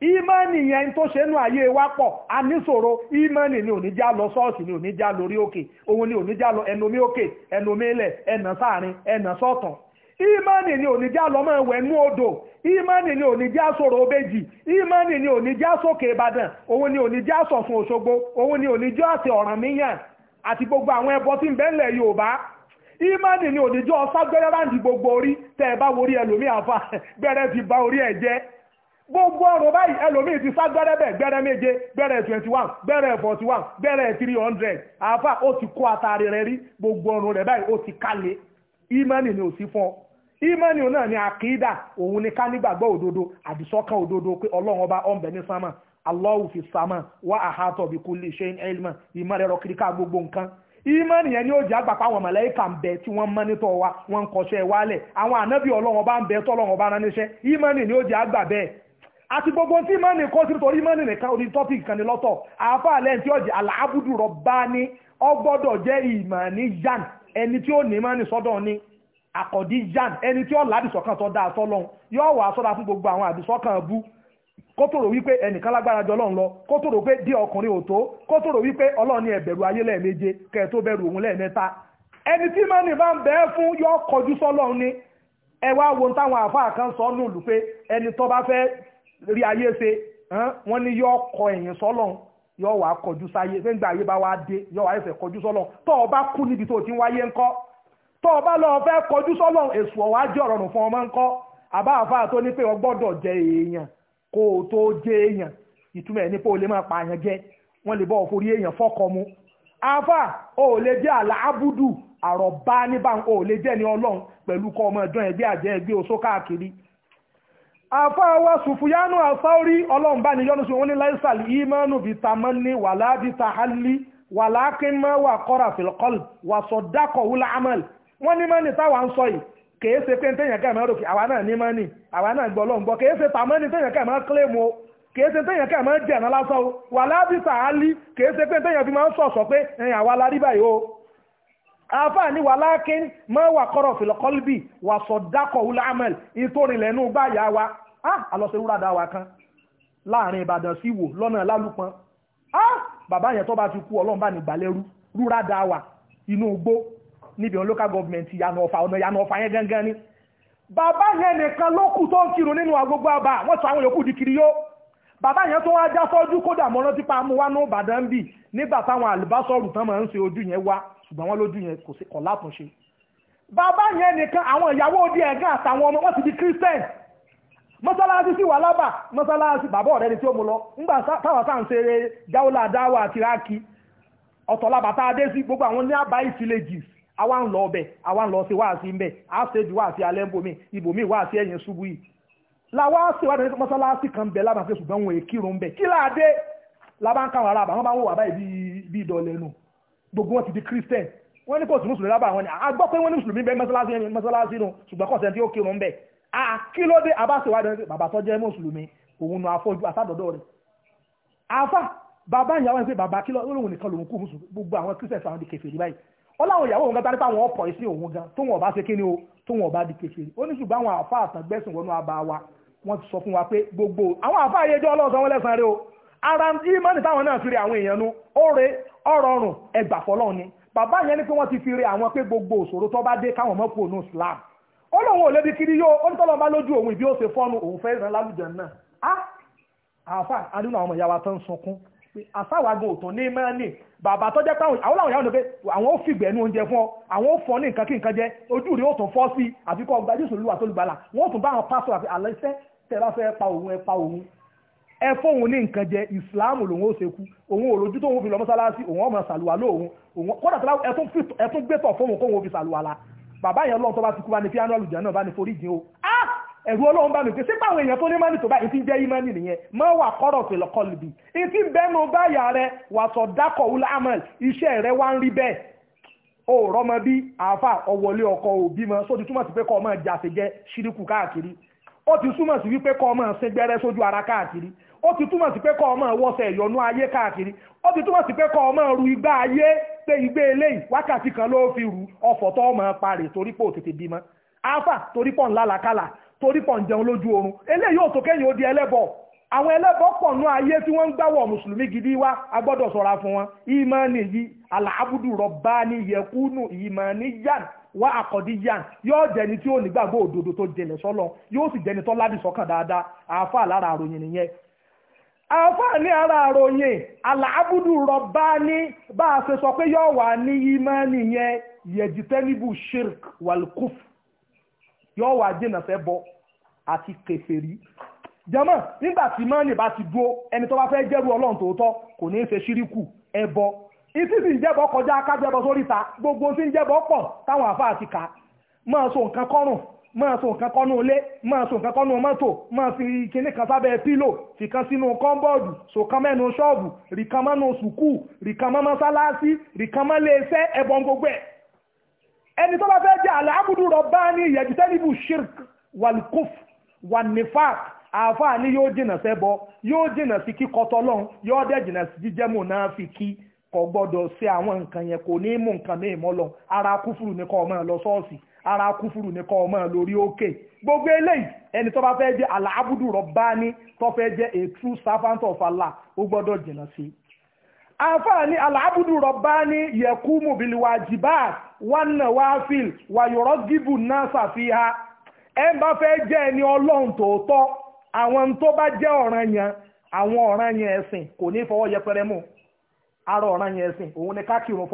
ìmọ̀nì yẹn tó ṣe nú ayé wa pọ̀ a níṣòro ìmọ̀nì ni oníjà lọ ṣọ́ọ̀ṣì ni oníjà lórí òkè òun ni oníjà lọ ẹnumí òkè ẹnumí ilẹ̀ ẹnà sáàrin ẹnà sọ́tàn ìmọ̀nì ni oníjà lọ́mọ ẹ̀wẹ̀nú odò ìmọ̀nì ni oníjà sọ̀rọ̀ obèjì ìmọ̀nì ni oníjà sókè ìbàdàn òun ni oníjà sọ̀sùn òṣogbo òun ni gbogbo àwọn ẹbọ tí ń ńlẹ̀ yorùbá ìmọ̀nì ni oníjà ọ̀sá gbogbo orí ẹ bá worí ti bá orí jẹ́ gbogbo ọrùn báyìí ẹlòmíì ti sá gbẹ́rẹ́ bẹ́ẹ̀ gbẹ́rẹ́ méje gbẹ́rẹ́ twenty one gbẹ́rẹ́ forty one gbẹ́rẹ́ three hundred àáfà ó ti kó àtàrí rẹ̀ rí gbogbo ọrùn rẹ báyìí ó ti kálẹ̀ ìmánì ni ò sí fún ọ náà ni àkídà òun ni ká nígbàgbọ́ òdodo àdìsọ́kàn òdodo pé ọlọ́run ọba ọ̀nbẹ ní sámà gbogbo nǹkan yẹn ni ó jẹ́ àgbàpá àwọn wa wọ́n ń kọ́ṣẹ́ wálẹ̀ àwọn ànábì ọlọ́run ọba ń bẹ tọ́lọ́run àti gbogbo tí ma sí torí nìkan orí topic kan ní lọ́tọ̀ àáfàá lẹ́yìn tí ó jẹ́ aláàbùdù rọ̀bá ni ọ gbọ́dọ̀ jẹ́ ìmání yan ẹni tí ó ní mọ́ni sọ́dọ̀ ni àkọ́dí yan ẹni tí ó ládìsọ́kàn tó dáa sọ́lọ́n yóò wà fún gbogbo àwọn bú wípé ẹnìkan lágbára jọ lọ́n lọ pé dí wípé ní ẹ̀bẹ̀rù ayé bẹ̀rù òun lẹ́ẹ̀mẹ́ta ẹni tí mọ́ni bá ń bẹ́ẹ̀ fún kọjú sọ pé rí ayé ṣe wọ́n ní yọ ọkọ ẹ̀yìn sọ́lọ́n yọ wàá kọjú sáyé nígbà ayé bá wá dé yọ wàá ẹsẹ̀ kọjú sọ́lọ́n tó o bá kú níbi tó o ti ń wáyé ńkọ́ tó o bá lọ fẹ́ kọjú sọ́lọ́n èṣù ọ̀wá jẹ́ ọ̀rọ̀ fún ọmọ ńkọ́ àbá àfáà tó ní pé o gbọ́dọ̀ jẹ èèyàn kó o tó jẹ èèyàn ìtumọ̀ ẹ̀ ní pé o lè máa pa àyàn jẹ wọ́n lè bọ́ òfòrí èèyàn fọ́kọ mu àfà o lè jẹ́ àlà ábúdù àrọ̀bá níbà o lè jẹ́ ní ọlọ́run pẹ̀lú kọ́ ọmọ ẹ̀dán ẹgbẹ́ àjẹ́ ẹgbẹ́ oṣó káàkiri àfáàwá sùfúyánù àfáórí ọlọ́run bá ní yọ́nú sí wọn ní láìsàlì ìmánù bíi tamọ́ ní wàlá bíi tahali wàlá kínmá wà kọ́ra fìlkọ́l wà sọ̀dákọ̀ wúlá amẹ́l wọ́n ní mọ́ni táwa ń sọ yìí kèé ṣe pé téèyàn kẹ́ mọ́ rò kí àwa náà ní mọ́ni àwa náà gbọ́ lọ́n gbọ́ kèé ṣe tamọ́ ní kẹ́ mọ́ kílèmù o kèé ṣe téèyàn kẹ́ mọ́ jẹ̀ná lásán o wàlá bíi kèé ṣe pé téèyàn fi máa ń sọ̀sọ̀ pé ẹ̀yìn àwa la rí báyìí afa ni walakin ma wa kọrọ filọkọlbi wa sọdakọ ulamel ìtòrìnlẹ̀ inú báyà wa ah alọ́sẹ̀wúrà dá wa kan láàrin ìbàdàn sí wò lọ́nà lálùpọ̀n ah bàbá yẹn tó bá ti kú ọlọ́run bá ní gbàlẹ́rú rúra dá wa inú igbó níbi àwọn local government yanu ọ̀fà ọ̀nà yanu ọ̀fà yẹn gangan ni bàbá yẹn nìkan ló kù tó ń kírun nínú agbogbo àbá wọ́n sọ àwọn yòókù di kiri yó bàbá yẹn tó wá já sọ́jú kódà mọ́ná tipa amúwánú ìbàdàn bì nígbà táwọn àlùbásọ̀rù tán máa ń ṣe ojú yẹn wá ṣùgbọ́n wọ́n lójú yẹn kò sí kọ̀ látúnṣe bàbá yẹn nìkan àwọn ìyàwó òdi ẹ̀gán àtàwọn ọmọ wọn ti di christian mọ́sálásí sí wà lábà mọ́sálásí bàbá ọ̀rẹ́ ni tí ó mu lọ ńgbà táwọn sáà ń ṣe eré dáwọ́lá dáwọ́ àti ráàkì ọ̀tọ̀ labàtà adé sí gbogbo àwọn ní àbáyé villages àwa ń lọ ọbẹ̀ àwa ń lọ sí wáàsí ń bẹ̀ àṣejù wáàsí alẹ́ ń bomi ibòmí wáàsí ẹ̀yìn ṣubú yìí làwa ṣèwádìí ní mọ́sálásí kan bẹ̀ lábàá ṣùgbọ́n òun èkìrún bẹ̀ kí láàdé làbá ń káwọn aráàbà bá ń wò wà báyìí bí ìdọ̀lẹ́nu gbogbo wọn ti di christian wọ́n ní kò sí mùsùlùmí lábàá wọn ni a gbọ́ pé wọ́n ní mùsùlùmí bẹ́ẹ̀ mọ́sálásí ẹni mọ́sálásí nù ṣùgbọ́n kọ̀ọ̀sẹ̀ tí ó kírun ń bẹ̀ a kí ló dé abáṣewádìí rẹ̀ bàbá tó jẹ́ mùsùlùmí òun nu afọ́jú àtàdọ́dọ́ rẹ̀ afa bàbá ìyàwó ẹni pé bàbá kí lóhùn nìkan lòun kú mùsùlùmí gbogbo àwọn christian fàwọn di kèfèrí báyìí wọ́n láwọn ìyàwó òun gan tani fáwọn ọ̀pọ̀ ìsìn òun gan tó wọn ọba ṣe kíni o tó wọn ọba di kèfèrí ó ní ṣùgbọ́n àwọn àfa àtàgbẹ́sìn wọnú abá wa wọ́n ti sọ fún wa pé gbogbo àwọn àfa àyẹjọ́ ọlọ́sàn wọn lẹ́sàn rẹ o ara ìmọ̀nì táwọn náà fi rí àwọn èèyàn nu ọ̀rẹ́ ọ̀rọ̀ ọ̀rùn ẹgbà fọlọ́ ni bàbá yẹn ni pé wọ́n ti fi rí àwọn pé gbogbo òṣòro tó bá dé káwọn mọ́kù òun Islam ó lóun ò lébi kiri yóò ó ní tọ́lọ́ bá lójú òun ìbí ó ṣe fọ́nu òun fẹ́ ìran lálùjẹ náà á àáfà adúnà àwọn ìyá wa tó ń sunkún àsáwàgbọ̀n òtún ní mẹ́rin bàbá tó jẹ́ táwọn àwọn àwọn pé àwọn ò fìgbẹ́ ní oúnjẹ fún ọ àwọn ò fọ́ ní nǹkan kí nǹkan jẹ ojú rí ó tún fọ́ sí àfikọ́ gbajú sòlúwà tó lùgbàlà wọ́n ó tún bá àwọn pásọ̀ àlẹ́sẹ́ tẹ̀ bá fẹ́ pa òun ẹ pa òun ẹ fóun ní nǹkan jẹ ìsìláàmù lòun ó ṣe kú òun ò lójú tóun fi lọ mọ́sálásí òun ọmọ sàlùwà lóòun òun kódà tó ẹtún gbẹ́tọ̀ fóun kóun fi sàlùwà la bàbá yẹn lọ́n tó bá ti kú bá ní fíánú àlùjá náà bá ní forí jìn o ẹ̀rù ọlọ́run bá mi pé sípò àwọn èèyàn tó ní mánì tó bá ìfi jẹ́ ìmánì nìyẹn mọ́ wà kọ́rọ̀ pé lọ́kọ́ lùbí ìfi bẹ́nu báyà rẹ wàtọ̀ dákọ̀ wúlá àmọ́ iṣẹ́ rẹ wá ń rí bẹ́ẹ̀ ó rọmọ bí àáfà ọwọlé ọkọ òbí mọ sóti túmọ̀ sí pé kọ́ ọmọ ìjà àṣejẹ ṣíríkù káàkiri ó ti túmọ̀ sí wípé kọ́ ọmọ ìsẹgbẹ́rẹ́ sójú ara káàkiri ó ti túmọ̀ sí pé kọ́ ọmọ ìwọ́sẹ̀ ìyọnú ayé káàkiri ó ti túmọ̀ sí pé kọ́ ọmọ ru igbá ayé pé igbé eléyìí wákàtí kan ló fi rù ọ̀fọ̀ tó ọmọ parè torí pò tètè bímọ alpha torí pọ̀ ńlálàkàlà torí pọ̀ ń jẹun lójú oorun eléyìí ò tó kẹ́yìn ó di ẹlẹ́bọ̀ àwọn ẹlẹ́bọ̀ pọ̀ nú ayé tí wọ́n ń gbáwọ̀ mùsùlùmí gidi wá a gbọ́dọ̀ sọ̀ra fún wọn ìmánì yìí aláàbùdù rọ̀bá ni yẹkúnù ìmánì yàn wá àkọ́dí yàn yóò jẹni tí ó nígbàgbọ́ òdodo tó jẹlẹ̀ sọ́lọ yóò sì jẹni tó ládìsọ́kàn dáadáa àáfà lára àròyìn nìyẹn àǹfààní ara àròyìn àlàábùdù rọ̀bá ní bá a ṣe sọ pé yóò wà ní ìmánì yẹn yẹ̀dìtẹ́nibù shirk walkuf yóò wà jìnnà fẹ́ bọ àti kèfèrí jẹ́mọ́ nígbà tí ìmánì bá ti dúó ẹni tó bá fẹ́ jẹ́rú ọlọ́run tòótọ́ kò ní í ṣe ṣíríkù ẹbọ ìtí sì ń jẹ́bọ kọjá kájẹ́bọ sóríta gbogbo tí ń jẹ́bọ pọ̀ táwọn àfáà ti kà máa so nǹkan kọ́rùn máa so nǹkan kọ́nú ilé máa so nǹkan kọ́nú mọ́tò máa fi kinní kan sábẹ́ pílò fìkan sínú kọ́ńbọ́ọ̀dù sòkan mẹ́nu ṣọ́ọ̀bù rìkan mọ́nu sùkúù rìkan mọ́ mọ́sálásí rìkan mọ́ léeṣẹ́ ẹ̀bọ̀n gbogbo ẹ̀. ẹni tó bá fẹ́ jẹ́ àlẹ́ ní shirk wanifak àáfàá ni yóò jìnà sẹ́bọ yóò jìnà sí kíkọ ara kúfùrù ní kọ́ ọmọ lórí òkè gbogbo eléyìí ẹni tó bá fẹ́ jẹ́ aláàbùdù rọ̀bání tó fẹ́ jẹ́ a true servant of Allah ó gbọ́dọ̀ jìnnà sí i. àǹfààní aláàbùdù rọ̀bání yẹ̀kúmù bìlìwàjìbá wánà wáfíìl wàyọ̀rọ̀ gíbù náà ṣàfihà ẹ bá fẹ́ jẹ́ ẹni ọlọ́run tòótọ́ àwọn tó bá jẹ́ ọ̀ràn yẹn àwọn ọ̀ràn yẹn ẹ̀sìn kò ní fọwọ́ yẹpẹrẹ mú ara ọ̀ràn yẹn ẹ̀sìn òun ni ká kírun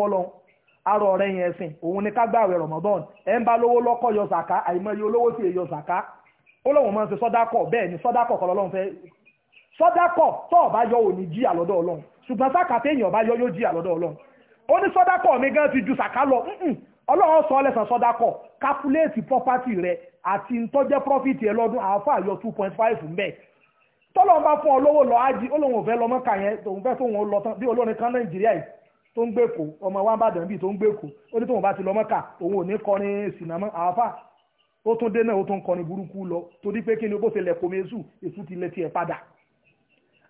arọ ọ̀rẹ́ yẹn ẹ̀sìn òun ni ká gbààwẹ̀ rọ̀mọ́bọ́n ẹ̀ ń bá lówó lọ́kọ̀ yọ zàká àìmọye olówó sì yọ zàká ó lóun máa ń ṣe sọ́dákọ̀ bẹ́ẹ̀ ni sọ́dákọ̀ kọ́ lọ́lọ́run fẹ́ sọ́dákọ̀ tó ọ̀bá yọ òní jíyà lọ́dọ̀ ọlọ́run ṣùgbọ́n sáka téèyàn ọba yọ yóò jíyà lọ́dọ̀ ọlọ́run ó ní sọ́dákọ̀ mi gan ti ju sàká lọ ọlọ́run sọ lẹ́sàn sọ́dákọ̀ kápúléètì pọ́pátì rẹ àti ntọ́jẹ́ prọ́fìtì ẹ lọ́dún àáfà yọ two point five mbẹ́ tọ́lọ́run bá fún ọ lówó lọ ó lóun ò fẹ́ lọ mọ́ka òun fẹ́ tóun lọ tán bí olórin kan Nàìjíríà yìí tó ń gbé kó ọmọ wa ń bàdàn bíi tó ń gbé ó ní tóun bá ti lọ mọ́kà òun ò ní kọrin sinamọ́ àáfà ó tún dé náà ó tún kọrin burúkú lọ torí pé kí ni bó ṣe lẹ̀ kó mẹ́sù èsù ti lẹ tiẹ̀ padà.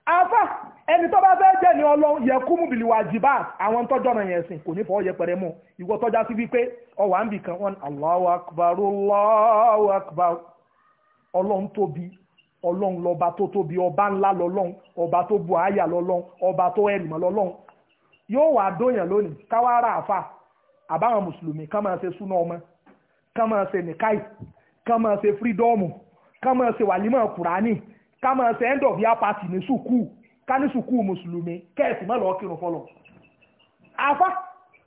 àáfà ẹni tó bá fẹ́ jẹ́ ni ọlọ́run yẹ kú mú bìlì wà jìbá àwọn tọ́jọ́ náà yẹn sìn kò ní fọwọ́ yẹpẹrẹ mọ́ ìwọ tọ́já sí wípé ọwọ́ à ń bì kan wọn Allahu akbar Allahu akbar ọlọ́run tóbi ọlọ́run lọ́ba tó tóbi ọba ńlá lọ́lọ́run ọba tó bu àyà lọ́lọ́run ọba tó ẹ̀rìmọ́ lọ́lọ́run yóò wà dóyàn lónìí káwárà àfà àbáwọn mùsùlùmí ká máa ṣe súná ọmọ ká máa ṣe nìkáì ká máa ṣe fírídọ́ọ̀mù ká máa ṣe wàlímọ̀ kùránì ká máa ṣe end of year party ní sùkúù ká ní sùkúù mùsùlùmí kẹ́ẹ̀sì lọ́ọ́ kírun fọlọ́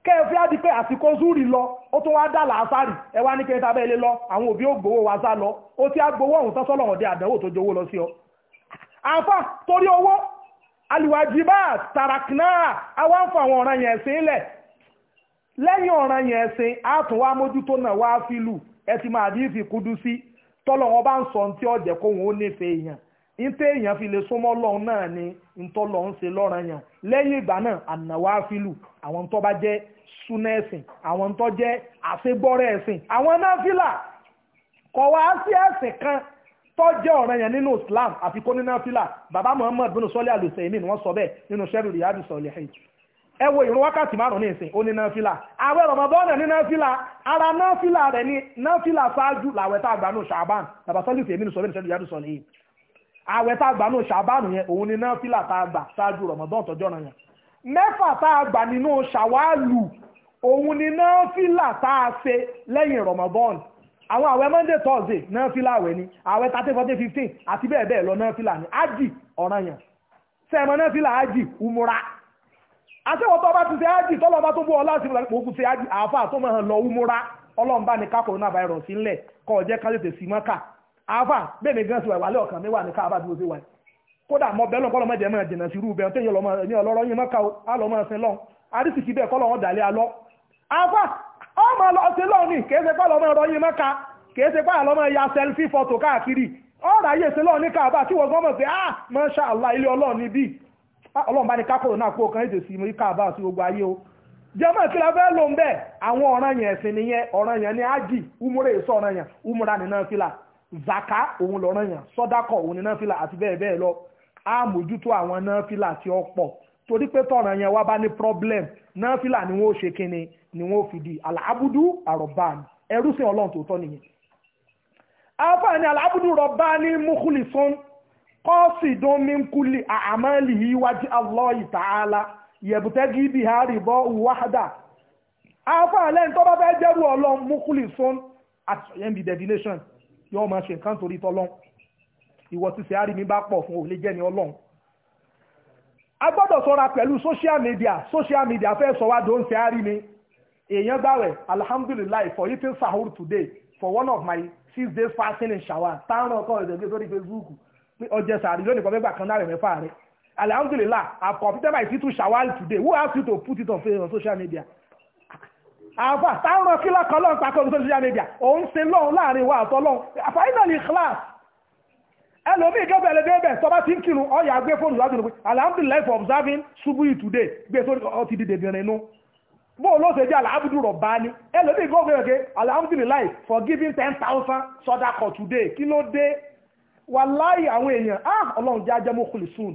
kẹ́ẹ̀fẹ́ àsìkò zúrì lọ ó tún wá dà láàsárì ẹ wá ní kí n ta bẹ́ẹ̀ lé lọ àwọn òbí ó gbowó wa lọ ó ti á gbowó ọ̀hún àdánwò tó jowó lọ sí ọ aliwajibat tarakna àwa ń fọ yẹn ẹ̀sìn lẹ̀ lẹ́yìn ọ̀ràn yẹn ẹ̀sìn wa mójútó náà wá fílù ẹ máa dí ìfi kudu sí tọ́lọ̀ wọn bá ń sọ tí ọ̀jẹ̀ kó wọn ó nífẹ̀ẹ́ èèyàn èèyàn fi lè súnmọ́ lọ́hùn náà ni ntọ́lọ̀ ń se lọ́ràn yẹn lẹ́yìn ìgbà náà ànáwó àfilù àwọn tó bá jẹ́ súnà ẹ̀sìn àwọn jẹ́ àṣegbọ́rẹ̀ ẹ̀sìn àwọn tó jẹ́ ọ̀rẹ́ yẹn nínú Islam àfi kó nínú fílà bàbá Muhammad bin sọ́lé àlùsẹ̀yìnmí ni wọ́n sọ bẹ́ẹ̀ nínú sẹ́rù riyadu sọ̀lẹ́hìn ẹ wo ìrún wákàtí márùn ní ìsìn ó ní náfìlà àwẹ̀ rọmọbọ́ọ̀nà ní náfìlà ara náfìlà rẹ̀ ní náfìlà ṣáájú làwẹ̀ tá àgbà náà ṣàbán bàbá sọ́lé ìfẹ̀mí ni sọ́lé ìṣẹ́lú yàtọ̀ sọ́lé yìí àwẹ̀ tá àgbà náà ṣàbán yẹn òun ní náfìlà tá àgbà ṣáájú rọmọbọ́ọ̀n tọjọ́ náà yẹn mẹ́fà tá àgbà nínú ṣàwálù òun ní náfìlà tá a ṣe lẹ́yìn rọmọbọ́ọ̀nà àwọn àwẹ̀ monday thursday náà fílà àwẹ̀ ni àwẹ̀ thirteen fourteen fifteen àti bẹ́ẹ̀ bẹ́ẹ̀ lọ náà fílà ni ájì ọ̀ranyàn sẹ́ẹ̀mọ náà fílà ájì umura àtẹ̀wọ̀ tó bá ti ṣe ájì tọ́lọ́ bá tó bú ọlá sí ìlànà òkú ṣe ájì àáfà tó máa lọ umura ọlọ́run bá ní ká coronavirus ńlẹ̀ kọ́ ọ̀jẹ́ ká tètè sí mọ́kà àáfà bẹ́ẹ̀ mi gan sí wàhálà ọ̀kan mi wà ní káàbà bí mo ṣe wà kódà mọ bẹ́ẹ̀ lọ́pọ̀ lọ́mọdé máa dènà sí irú bẹ́ẹ̀ tẹ́yìn ọlọ́rọ̀ yín mọ́kà á lọ́ máa sin lọ́n àdìsí kí bẹ́ẹ̀ kọ́ lọ́wọ́ dàlẹ́ alọ́ àáfà ma lọ sí lọ́ọ̀nì kèése pá lọ́mọ ẹ̀rọ yìí mẹ́ka kèése pá lọ́mọ ẹ̀yà sẹ́lfì fọ́tò káàkiri ọ̀rọ̀ ayé sí lọ́ọ̀nì káàbà tí wọ́n gọ́mọ̀ sí ah masha Allah ilé ọlọ́ọ̀ni bíi ah, bá ní kákòrò náà kú ọkàn ètò sí mi káàbà sí gbogbo ayé o jẹ́mọ̀ kí la fẹ́ lò ń bẹ̀ àwọn ọ̀ràn yẹn ẹ̀sìn nìyẹn ọ̀ràn yẹn ni ọ̀ràn zaka òun lọ̀ràn yẹn sọdakọ òun àti bẹ́ẹ̀ lọ pọ̀ torí pé tọ̀ràn yẹn wá bá ní problem náfìlà ni wọ́n ó ṣe kíni ni wọ́n ó fi di àlàábùdú àrọ̀báàni ẹrú sí ọlọ́run tó tọ́ nìyẹn. afa ni àlàábùdú rọ̀báàni mukuli sun kọ́ọ̀sì dún ní àmàlì yìí wájú Allah ta'ala yẹ̀bùtẹ́gì bihari bọ́ wàhádà afa lẹ́yìn tó bá fẹ́ jẹ́rú ọlọ́run mukuli sun àti ẹ̀yẹ́n bí definition yóò máa ṣe nǹkan torí tọ́lọ́run mi bá pọ̀ fún a gbọ́dọ̀ sọ́ra pẹ̀lú social media social media fẹ́ sọ wá dóun ṣe àárí mi èèyàn gbàwẹ̀ alhamdulilayi for eating sahur today for one of my six days fasting in shawar táwọn ọkọ rẹ̀ gbé sórí facebook pé ọjẹ́ sàárì lónìí kan mẹ́gbà kan náà rẹ̀ mẹ́fà rẹ̀ Alhamdulillah, i've completed my situ shawar today who ask you to put it on Facebook social media àfà táwọn ọkọ kí lọ́kọ̀ọ́ lọ́n pàkó on social media òun ṣe lọ́n láàrin wa àtọ́ lọ́n àfàìnà ní class ẹlòmí ìjọba ẹlẹ́dẹ́gbẹ̀ tọba tí ń kírun ọ̀yà gbé fóònù láti nùgbé alhamdulillah for observing Subu subuhi today gbé sórí ọtí dìde dìrin inú bóò ló ṣe jẹ́ alhamdu rabbani ẹlòmí ìjọba ẹlẹ́dẹ́gbẹ̀ alhamdulillah for giving ten thousand sadaqa today kí ló dé wàláyé àwọn èèyàn ah ọlọ́run jẹ́ ajẹ́ mukhlisun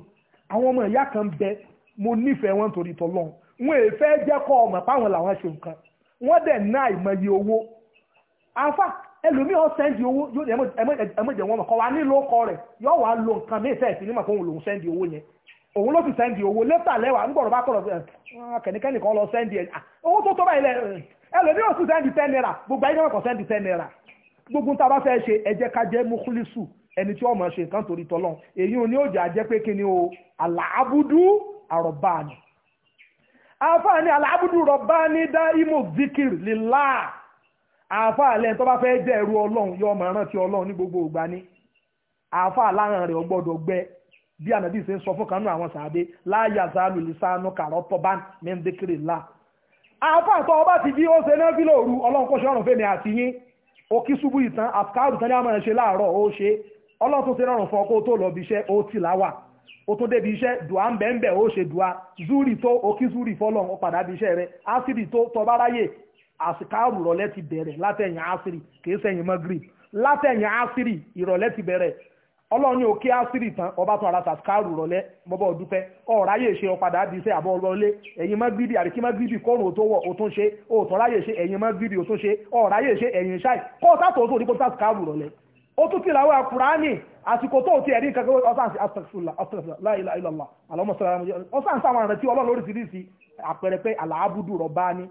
àwọn ọmọ ìyá kan bẹ mo nífẹ̀ẹ́ wọn torí tọ́lọ́ wọn èèfẹ́ jẹ́ kọ́ ọmọ páwọn làwọn ṣe nǹkan wọ́n dẹ̀ ná ìmọye owó àfà ẹlòmíì ọ sẹ́ndì owó ẹmọ́jẹ̀ wọn kọ́ wa nílò ọkọ rẹ̀ yọ lo nǹkan mí sẹ́ẹ̀sì nígbà fún òun lòun sẹ́ndì owó yẹn òun ló fi sẹ́ndì owó lẹ́tà lẹ́wà ńgbọ̀rọ̀ bá kọ̀rọ̀ kẹ̀nikẹ́ni kan lọ sẹ́ndì ẹ̀ owó tó tó báyìí lẹ ẹlòmíì ọ sì sẹ́ndì ten naira gbogbo ayé náà kọ̀ sẹ́ndì naira gbogbo a bá fẹ́ ṣe ká jẹ́ mukulisu ẹni tí ṣe nǹkan afọ lẹ́yìn tó bá fẹ́ jẹ́ ẹrú ọlọ́run yọ ọmọ ìrántí ọlọ́run ní gbogbo ìgbà ni àáfàá láàrin rẹ̀ ọgbọ́dọ̀ gbẹ bí ànábì ṣe ń sọ fún kanú àwọn sàádé láàyè àzálù ńlá. ọba ti bí ó náà fílẹ̀ òru ọlọ́run ọ̀rùn fèmí àti yín ṣubú ìtàn tán ní àmọ́ láàárọ̀ ó ṣe ọlọ́run tó ṣe rọrùn fún àsìkáàrù ìrọ̀lẹ́ ti bẹ̀rẹ̀ látẹ̀yìn àṣírí kì í sẹ́yìn mọ́gírì látẹ̀yìn àṣírí ìrọ̀lẹ́ ti bẹ̀rẹ̀ ọlọ́run ní òkè àṣírí tán ọba tún ara sàkáàrù ìrọ̀lẹ́ bọ́bọ́ ọdúpẹ́ ọ̀ráyè ṣe ọ̀padà di iṣẹ́ àbọ̀ ọlọ́lé ẹ̀yìn mọ́gírì àríkí mọ́gírì kọ́rùn tó wọ̀ ó tún ṣe òòtún ráyè ṣe ẹ̀yìn mọ́gírì ó tún ṣe ọ̀ráyè ṣe ẹ̀yìn ṣáì kọ́ sátò tó rípo sàkáàrù ìrọ̀lẹ́ àsìkò tó ti ẹ̀rí nǹkan ọ̀sán astaghfirullah astaghfirullah la ilaha illallah àlọ́mọ̀sọ̀rọ̀ ọ̀sán sáwọn àrẹ̀tí ọlọ́run lóríṣiríṣi àpẹẹrẹ pé àlàábùdù rọ̀bá ni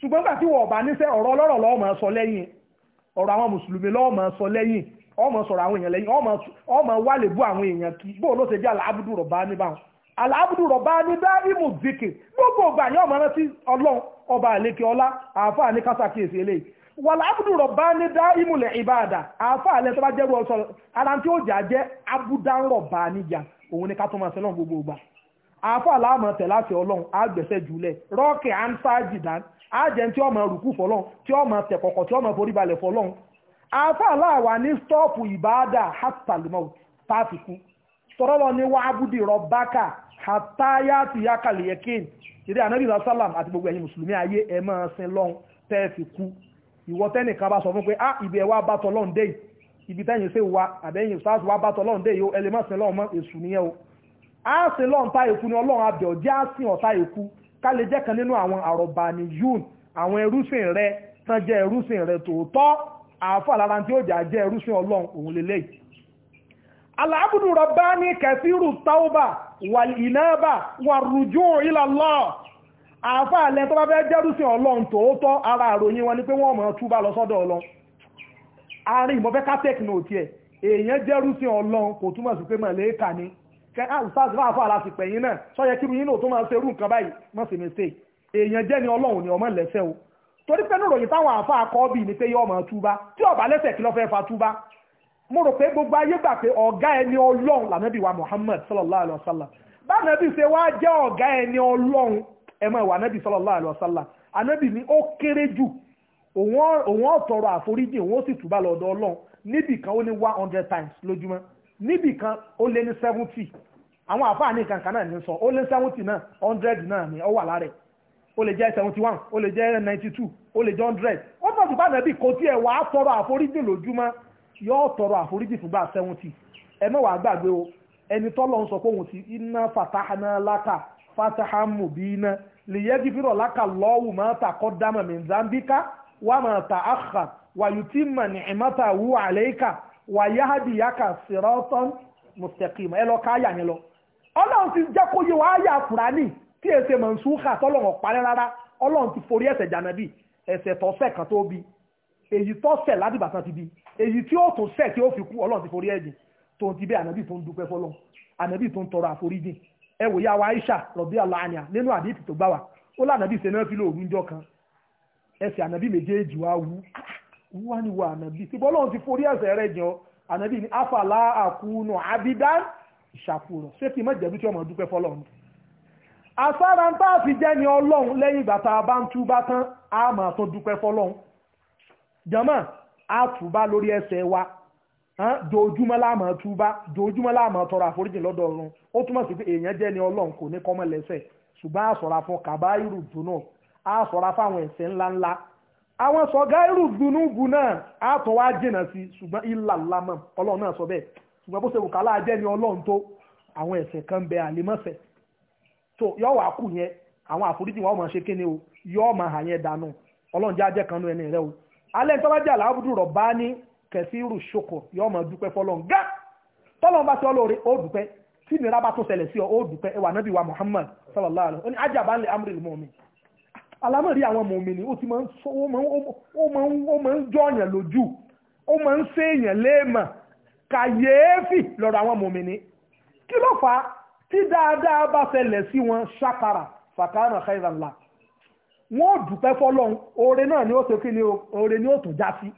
ṣùgbọ́n gbà tí wọ́n ọ̀bà níṣẹ́ ọ̀rọ̀ ọlọ́rọ̀ lọ́ọ̀mọ̀ sọ lẹ́yìn ọ̀rọ̀ àwọn mùsùlùmí lọ́ọ̀mọ̀ sọ lẹ́yìn ọmọ sọ̀rọ̀ àwọn èèyàn lẹ́yìn ọmọ wà lè bú àwọn èèyàn kí bóò ló ṣe jẹ́ aláàbùdù rọ̀bá ní báwọn aláàbùdù rọ̀bá ní ìmù gbogbo ọgbà yẹn ọmọ rántí ọlọ́run ọba àlékè ọlá àáfà ní kásákìyèsí eléyìí wà láàbùdù rọ̀bá ìmù lẹ̀ ìbáàdà àáfà alẹ́ tó bá ọsọ ara tí ó jà jẹ́ rọ̀bá ni ká tó máa sẹ́lọ̀ gbogbo àáfà á jẹ́ tí ọmọ rùkú fọlọ́n tí ọmọ tẹ̀kọ̀kọ̀ tí ọmọ foríbalẹ̀ fọlọ́n afa aláwa ní stọ́ọ̀pù ìbáadà hàtàlùmọ́ pàtìkù tọ́rọ́lọ́ ní wá abúdì rọ̀bákà hàtáyàtì yakàlẹ̀yẹkìn ìdí ànábì sálàm àti gbogbo ẹ̀yin mùsùlùmí ayé ẹ máa sin lọ́n tẹ́ẹ̀fì kú ìwọ tẹ́nìkan bá sọ fún pé ah ibi ẹ̀ wá bá tọ́lọ́n dé ibi tẹ́yìn sí wa àbẹ́yìn sars wá bá tọ́lọ́n dé yóò ẹlẹ́mọ̀ sin lọ́n mọ́ èṣù nìyẹn o á sin lọ́n tá èkú ni ọlọ́run abẹ́ ọ̀jẹ́ á sin ọ̀tá èkú ká lè jẹ́ kan nínú àwọn àrọ̀bà ní yún àwọn ẹrúsìn rẹ tán jẹ́ ẹrúsìn rẹ tòótọ́ àáfà lára tí ó jà jẹ́ ẹrúsìn ọlọ́run òun lè léyìí aláàbùdù rọ̀bá ní kẹfìrù táúbà wà ìnáàbà wà rùjú ìlàlọ́ àáfà alẹ́ tó bá fẹ́ jẹ́rúsìn ọlọ́run tòótọ́ ara àròyìn wọn ni pé wọ́n mọ̀ túbà lọ sọ́dọ̀ ọlọ́run àárín ìmọ̀fẹ́ kátẹ́kì náà tiẹ̀ èèyàn jẹ́rúsìn ọlọ́run kò túmọ̀ sí pé mọ̀lẹ́kà ni kẹ alfaz ah, bá fà láti pẹ̀yìn náà sọ́yẹ kí yín náà tó máa ń serú nǹkan báyìí má ṣe mistake èèyàn jẹ́ ni ọlọ́run ni ọmọ lẹ́sẹ̀ o torí pé níròyìn táwọn àfa akọ́ bíi ni pé yọ ọmọ túbá tí ọba lẹ́sẹ̀ kí ló fẹ́ fa túbá mo rò pé gbogbo ayé gbà pé ọ̀gá ẹni ọlọ́run lànàbí wa Muhammad sallallahu alaihi wasallam. sallam bánàbí ṣe wá jẹ́ ọ̀gá ẹni ọlọ́run ẹ sallallahu alayhi wa sallam ànàbí ni ó kéré jù òun ọ̀tọ̀rọ̀ àforíjì òun ó sì túbá lọ́dọ̀ hundred times lójúmọ́ níbì kan ó lé ní seventy àwọn àfáà ní kankan náà ní sọ ó lé seventy náà hundred náà ní ọ wà lára ẹ̀ ó lè jẹ́ seventy one ó lè jẹ́ ninety two ó lè jẹ́ hundred wọ́n tọ́jú bá nàbí kò tí ẹ̀ wà á tọrọ àforíjì lójúmọ́ yóò tọrọ àforíjì fúngbà seventy ẹ má wàá gbàgbé o ẹni tọ́lọ̀ ń sọ pé òun ti iná fatahana laka fatahamu bina lìyẹ́gifirọ̀ laka lọ́wù máa ta kọ́ dámà min zambika wà máa ta àkà wàyùtí mà ní ìmọ́ta wù àlẹ́kà Wa yàkà sírọ́tọ́n mùsítẹ̀kìmù ẹ lọ ká àyà yẹn lọ ọlọ́run ti jẹ́ kó yẹ wàá yà fúrání tí èsè mọ̀nsúkà tọ́lọ̀wọ̀n parẹ́ rárá ọlọ́run ti forí ẹ̀ṣẹ̀ jànàbí ẹ̀ṣẹ̀ tọ́sẹ̀ kan tó bi èyí tọ́sẹ̀ ládìbàtàn ti bi èyí tí ó tún tí ó fi kú ọlọ́run ti forí ẹ̀jìn tó ti tó ń Aisha nínú àdìtì tó gbá wa ó náà fi kan méjèèjì wúwá ni wà ànábì tí bọ́lọ́run ti forí ẹ̀ṣẹ̀ rẹ̀ jìn ọ́ ànábì ní àfàlà àkúnù àbídá ìṣàkúrọ̀ ṣé kí n má jẹ̀bi tí ọmọ dúpẹ́ fọlọ́run. àsára ń tá a fi jẹ́ ni ọlọ́run lẹ́yìn ìgbà tá a bá ń túbá tán a máa tún dúpẹ́ fọlọ́run. jọ̀mọ́ a túbá lórí ẹ̀ṣẹ̀ wa dojúmọ́ láàmú túbá dojúmọ́ láàmú tọrọ àforíjìn lọ́dọ̀ ọ̀run ó túmọ̀ sí pé èèyàn jẹ́ ni ọlọ́run kò ní kọ́mọ lẹ́ṣẹ̀ ṣùgbọ́n a ṣọ́ra fún kàbáyìrù dùnú a ṣọ́ra fáwọn ẹ̀ṣẹ̀ ńláńlá àwọn sọ̀gá irú gbunúgbù náà á tún wá jìnnà sí ṣùgbọ́n ilà lámà ọlọ́run náà sọ bẹ́ẹ̀ ṣùgbọ́n bó ṣe nye jẹ́ ni ọlọ́run tó àwọn ẹ̀ṣẹ̀ kan bẹ àlèmọ́sẹ̀ so yọ wà kù yẹn àwọn àforíjì wọn o yọ ma hà yẹn dànù ọlọ́run jẹ́ ajẹ́ kanú ẹni o alẹ́ ní tọ́wájà làbùdù rọ̀ bá ní kẹsíìrù ṣokò yọ máa dúpẹ́ fọlọ́run gá alámọ̀rí àwọn mòmìnì ó ti máa ń ó máa ń jọ̀yàn lójú ó máa ń séèyàn léèmọ̀ kàyééfì lọ́rọ̀ àwọn mòmìnì kí ló fà á tí dáadáa bá ṣẹlẹ̀ sí wọn ṣàkàrà fàkàrà khairanla wọn ò dúpẹ́ fọlọ́run oore náà ni ó ṣe kí ni oore ni ó tún já sí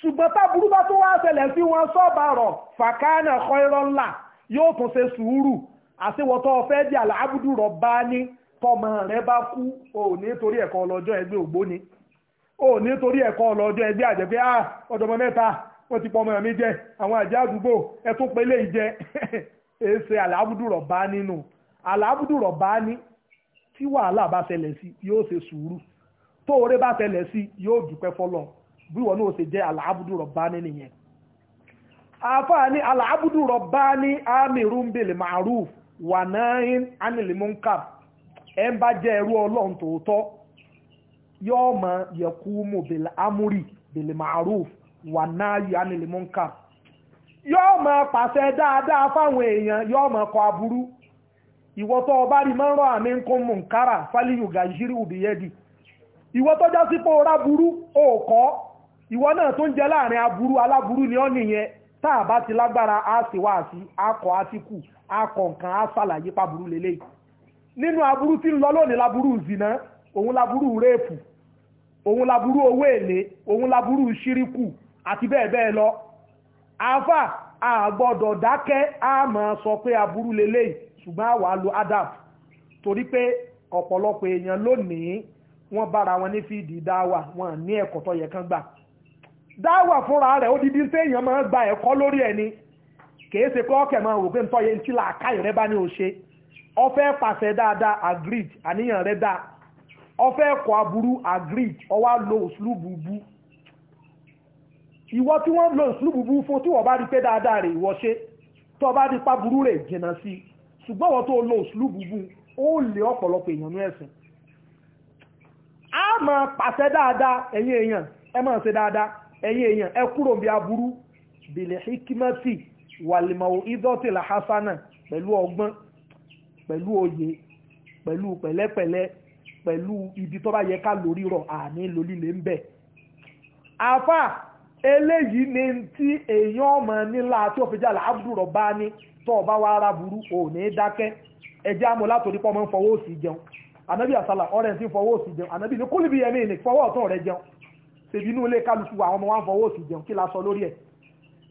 ṣùgbọ́n táburú bá tó wá ṣẹlẹ̀ sí wọn sọ́bàrọ̀ fàkàrà khairanla yóò tún ṣe sùúrù àṣewọ́tọ́ ọ̀fẹ́ di àlàábùdù rọ̀ bá ní tọmọ rẹ bá kú o ní torí ẹ̀kọ́ ọlọ́jọ́ ẹgbẹ́ ògbóni o ní torí ẹ̀kọ́ ọlọ́jọ́ ẹgbẹ́ àjẹpẹ́ à ah, ọ̀dọ́mọ mẹ́ta wọ́n ti pọmọ mi jẹ àwọn àjẹ́ àdúgbò ẹ tún pélé ìjẹ èsè (laughs) àlàbùdùrọ̀ bá nínú àlàbùdùrọ̀ bá ní tí wàhálà bá ṣẹlẹ̀ sí yóò ṣe sùúrù tó oore bá ṣẹlẹ̀ sí yóò dúpẹ́ fọlọ́ bí wọn náà ṣe jẹ́ àlàbùdùrọ̀ bá ní nìyẹn. àáfàá ní bá ní amirun bil ma'ruf wà náà ń anil ẹ ń bá jẹ́ ẹrú ọlọ́run tòótọ́ yóò mọ yẹ̀kú mú bèlè amúrì bèlè wà náà yìí ánìlè mọ́ńkà yóò pàṣẹ dáadáa fáwọn èèyàn yọọ mọ kọ aburú ìwọ ọba rí máa ń rọ àmì ńkọ́ mú nkárà fáliyù gàjírí òbíyẹ́dì ìwọ já sí pé ọ̀rá burú òòkọ́ ni ọ́ nìyẹn tá a bá ti lágbára á sì wá sí nǹkan á nínú aburú tí ń lọ lónìí laburú zina òun laburú réèpù òun laburú owó èlé òun laburú ṣíríkù àti bẹ́ẹ̀ bẹ́ẹ̀ lọ àáfà àgbọ́dọ̀ dákẹ́ a máa sọ pé aburú lélẹ́yìí ṣùgbọ́n àwa lo adab torí pé ọ̀pọ̀lọpọ̀ èèyàn lónìí wọ́n bára wọn ní fídì dáwà wọn ní ẹ̀kọ́ tó yẹ kán gbà dáwà fúnra rẹ̀ ó dídí pé èèyàn máa gba ẹ̀kọ́ lórí ẹni kìí ṣe kọ́ ọ̀kẹ́ máa wò pé ń tọ́yẹ ń tí làákàyè rẹ bá ní o ṣe ọfẹ́ pàṣẹ dáadáa agreed àníyàn rẹ dáa ọfẹ́ ẹ̀kọ́ aburú agreed ọwá lo òṣùlù búbú ìwọ tí wọ́n lo òṣùlù búbú fún tí wọ́n bá rí pé dáadáa rẹ̀ ìwọ ṣe tó bá di pa burú rẹ̀ jìnnà sí ṣùgbọ́n wọ́n tó lo òṣùlù búbú ó lè ọ̀pọ̀lọpọ̀ èèyàn ní ẹ̀sìn a máa pàṣẹ dáadáa èèyàn ẹ máa ṣe dáadáa èèyàn ẹ pẹ̀lú òye pẹ̀lú pẹ̀lẹ́pẹ̀lẹ́ pẹ̀lú ibi tó bá yẹ ká lórí rọ̀ àní lólílé ń bẹ̀. àfà eléyìí ni tí èèyàn ọmọ nílá tí ó fi jà láàbùrọ̀ bá ní tó ọba wa ara burú ò ní dákẹ́ ẹjẹ́ amọ̀ látòrí pọ́ mọ́ ń fọwọ́ òsì jẹun ànábì àsálà ọ̀rẹ́ ti fọwọ́ òsì jẹun ànábì ní kúlìbì yẹn ní ìní fọwọ́ ọ̀tún rẹ jẹun ṣèbí ilé kálukú àwọn ọmọ wa ń fọwọ́ òsì jẹun kí la sọ lórí ẹ̀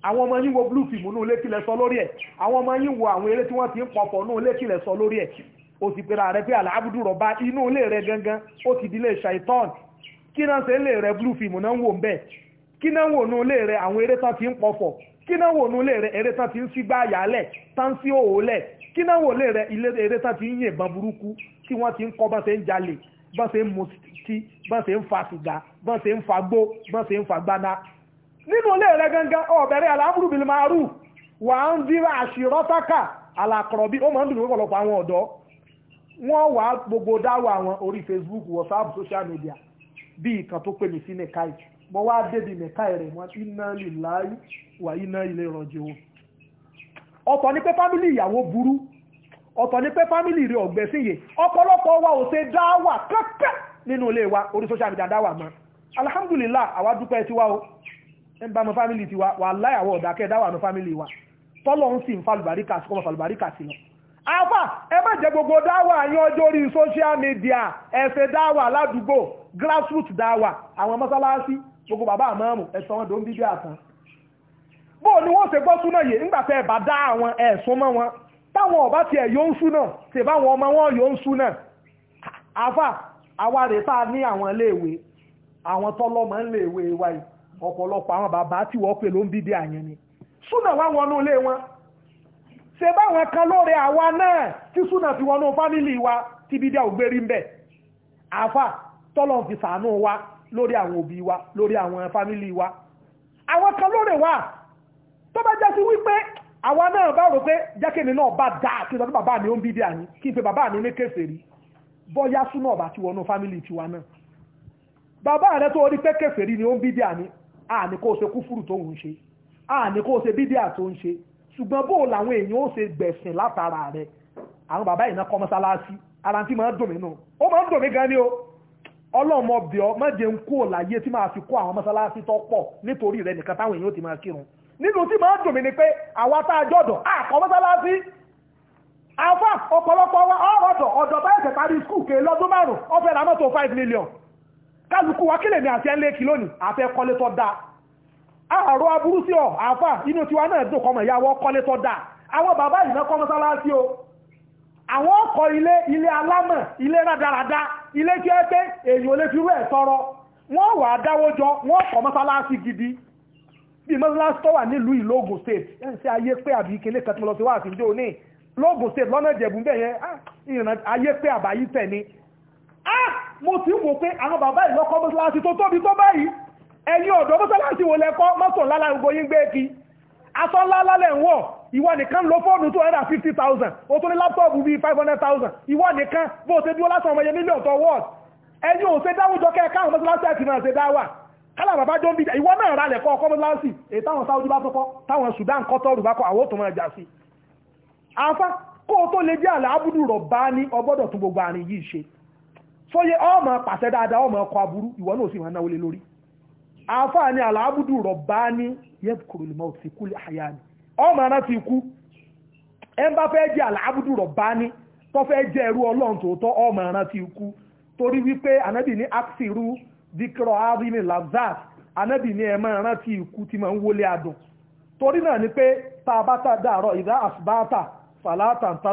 àwọn ọmọ yín wo blue film ní ilé kílẹ̀ sọ lórí ẹ̀ àwọn ọmọ yín wo àwọn eré tí wọ́n ti ń pọ̀pọ̀ ní ilé kílẹ̀ sọ lórí ẹ̀ o sì pera rẹ pé aláàbùdù rọ̀bá inú ilé rẹ gangan o ti dilé ṣàìtọ́n kí náà ṣe ilé rẹ blue náà ń wò ń kí náà wò àwọn eré ti ń pọ̀pọ̀ kí náà wò ní ilé rẹ eré tán ti ń nínú ilé rẹ gangan ọ̀bẹ̀rẹ̀ aláàbùrù bìlì máa rù wà ń dírà àṣírọ́tàkà alàkọ̀rọ̀bí ó máa ń dùn lọ́pọ̀lọpọ̀ àwọn ọ̀dọ́ wọ́n wà gbogbo dáwọ̀ àwọn orí Facebook WhatsApp social media bí ìkan tó pè mí sí nìkáì mo wá débi nìkáì rẹ̀ wọ́n iná líláyé wà iná ilé ìrọ̀jẹ̀ o ọ̀tọ̀ ni pé fámìlì ìyàwó burú ọ̀tọ̀ ni pé fámìlì rẹ̀ ọ̀gbẹ̀sìnyè ọ̀pọ̀lọpọ̀ wa ò ṣe dáwà kẹ́kẹ́ nínú ilé wa orí social media dáwà mọ́ alhamdulillah àwa dúpẹ́ ń bá nu fámìlì tiwa wà láyàwó ọ̀dàkẹ́ dáwà nu fámìlì wa tọ́lọ̀ ń sì ń falùbáríkà sí kọ́mọ falùbáríkà sí lọ. afa ẹ má jẹ gbogbo dáwà yan ọjọ́ orí social media ẹ̀fẹ̀ dáwà ládùúgbò grassroots dáwà àwọn mọ́sálásí gbogbo bàbá àmọ́ọ̀mù ẹ̀sọ́ wọn dòun bíbí àtàn. bó ni wọ́n ṣe gbọ́ súná yìí nígbà tẹ́ ẹ bá dá àwọn ẹ̀sùn mọ́ wọn táwọn ọba tiẹ̀ yóò ń súná ṣe báwọn ọmọ wọn yóò ń súná. afa àwa tá a ní àwọn iléèwé àwọn tọ́lọ́mọ iléèwé wa yìí ọ̀pọ̀lọpọ̀ àwọn bàbá tí wọ́n pè ló ń bídí àyẹn ni súnà wá wọnú ilé wọn ṣe báwọn kan lóore àwa náà tí súnà fi wọnú fámìlì wa tí bídí àwògbérí ń bẹ̀ àfà tọ́lọ̀ fi sàánú wa lórí àwọn òbí wa lórí àwọn fámìlì wa àwọn kan lóore wà tó bá jẹ́ sí wípé àwa náà bá rò pé jẹ́kẹ̀mí náà bá dáa kí n sọ pé bàbá mi ó ń bídí àyín kí n pe bàbá mi ní kèfèrí bọ́yá súnà ọ̀bà tí wọnú fámìlì tiwa náà bàbá rẹ tó rí pé kèfèrí ni ó ń bídí àyín a kó o ṣe kúfúrù tó ń ṣe àní kó o ṣe bídíà tó ń ṣe ṣùgbọ́n bó làwọn èèyàn ó ṣe gbẹ̀sìn látara rẹ̀ àwọn bàbá kọ́ ara tí máa ń dùn mí nù ó máa ń dùn mí gan ni o ọlọ́mọ bíọ́ má jẹ́ ń kó láyé tí máa fi kó àwọn tó pọ̀ nítorí rẹ̀ nìkan táwọn èèyàn ti máa kírun nínú tí máa ń dùn mí ni pé àwa a jọ̀dọ̀ ọ̀pọ̀lọpọ̀ wa ọ̀rọ̀ ọ̀dọ̀ ọ̀dọ̀ parí skul kè lọ́dún kálukú wa kílẹ̀ ní àti ẹ́ léèkì lónìí àfẹ́ kọ́lé tó dáa àrò aburú sí ọ àfà inú tiwa náà dùn kọmọ ìyàwó kọ́lé tó dáa àwọn bàbá ìná kọ́ mọ́sálásí o àwọn ọkọ̀ ilé ilé alámọ̀ ilé rádaràda ilé tí ẹ pé gidi bí mọ́sálásí tó wà nílùú ìlú Ògùn state ẹ̀ ń ṣe ayé pé àbí ìkélé kan tí mo lọ lọ́nà ìjẹ̀bù bẹ́ẹ̀ yẹn ah, pé àbáyí tẹ̀ ni ah mo ti wò pé àwọn bàbá ìlọ́kọ́ mọ́sálásí tó tóbi tó báyìí ẹ̀yin ọ̀dọ́ mọ́sálásí wò lẹ́kọ́ mọ́tò lálá ìgbóyín gbé kí aṣọ ńlá lẹ̀ ń wọ̀ ìwọ nìkan ló fóònù two hundred and fifty thousand o tó ní láptọ́ọ̀bù bíi five hundred thousand ìwọ nìkan bó o ṣe dúró lásán ọmọ yẹn mílíọ̀n tó wọ́ọ̀d ẹni ò ṣe dáwùjọ kẹ́ẹ̀ká àwọn mọ́sálásí àti ìmọ̀ ṣe dáwà kálá bàbá jọ ń bí ìwọ náà rà lẹ̀kọ́ ọkọ́ mọ́sálásí èyí táwọn Saudi bá tọ́kọ́ táwọn Sudan kọ́tọ́ọ̀rù bá kọ́ àwọn òtún máa jà sí. àfa kó o tó lè jẹ́ àlàábùdù rọ̀ bá ní ọgbọ́dọ̀ tún gbogbo àárín yìí ṣe sóyé ọmọ pàṣẹ dáadáa ọmọ ọkọ̀ aburú ìwọ náà sì máa náwó lé lórí àáfàá ni àlàábùdù rọ̀bá ní yẹ́bùkúrò lè máa ti kú lé àyà ni ọmọ ara ti kú ẹ bá fẹ́ jẹ́ lazat anábì ní ẹ máa rántí ikú tí máa ń wọlé adùn torí náà ni pé tá a bá tá dàárọ̀ ìdá àsùbáàtà fàlátà ń tá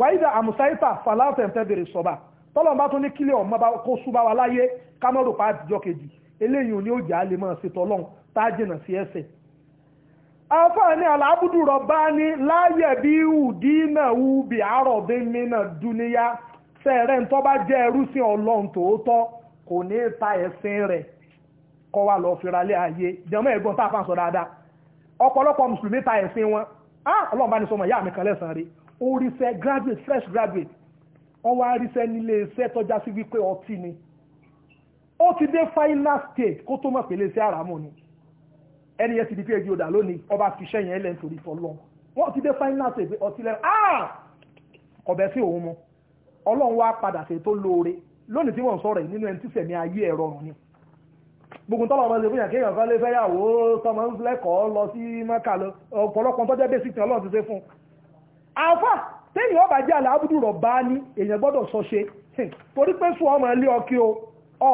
wáyídà àmùsáìtà fàlàfẹ́ fẹ́bẹ̀rẹ̀ sọ̀bà tọ́lọ̀ bá tún ní kílẹ̀ ọmọ bá kó súbá wa láyé kámọ́rò pa àtijọ́ kejì eléyìí ò ní òjà lè máa ṣètò ọlọ́run tá a jìnà sí ẹsẹ̀. àǹfààní alábùdù rọ̀bá ní láyè bí ìdínà ubi àròbí nínà dúníyá sẹ́ẹ̀rẹ́ ń tọ́ bá jẹ́ ẹrú sí ọlọ́run tòótọ́ kò ní ta ẹ̀sìn rẹ̀ kọ́ wa lọ fira lé ayé jẹ́mọ́ ẹ̀gbọ́n tá a fà ń sọ dáadáa ọ̀pọ̀lọpọ̀ mùsùlùmí ta ẹ̀sìn wọn ah, ọlọ́run bá ní sọmọ ìyá mi kan lẹ́sàn-án rí ó ríṣẹ́ graduate fresh graduate wọ́n wá ríṣẹ́ nílé iṣẹ́ tọ́já sí wípé ọtí ni ó ti dé final stage kó tó mọ̀ pé lè ṣe àràmù ni ẹni yẹn ti di phd ọ̀dà lónìí ọba fi yẹn lẹ́nu torí tọ́lọ́ wọ́n ti dé final stage ọtí lẹ́nu ah kọ̀bẹ́ sí òun mu ọlọ́run wá padà ṣe tó lóore lónìí tí wọ́n sọ̀rọ̀ yìí nínú ẹni tí sẹ̀mí ayé ẹ̀ rọrùn ni gbogbo tọ́lọ̀ ọmọ ìlú kéèyàn kan lè fẹ́yàwó tọmọ ń lẹ́kọ̀ọ́ lọ sí mẹ́kà lọ ọ̀pọ̀lọpọ̀ tọ́jọ́ bẹ́sìkì ọlọ́run ti ṣe fún àfà tẹ́yìn ọba jẹ́ aláàbùdù rọ̀ bá ní èèyàn gbọ́dọ̀ sọ ṣe torí pé sùn ọmọ ilé ọkẹ́ o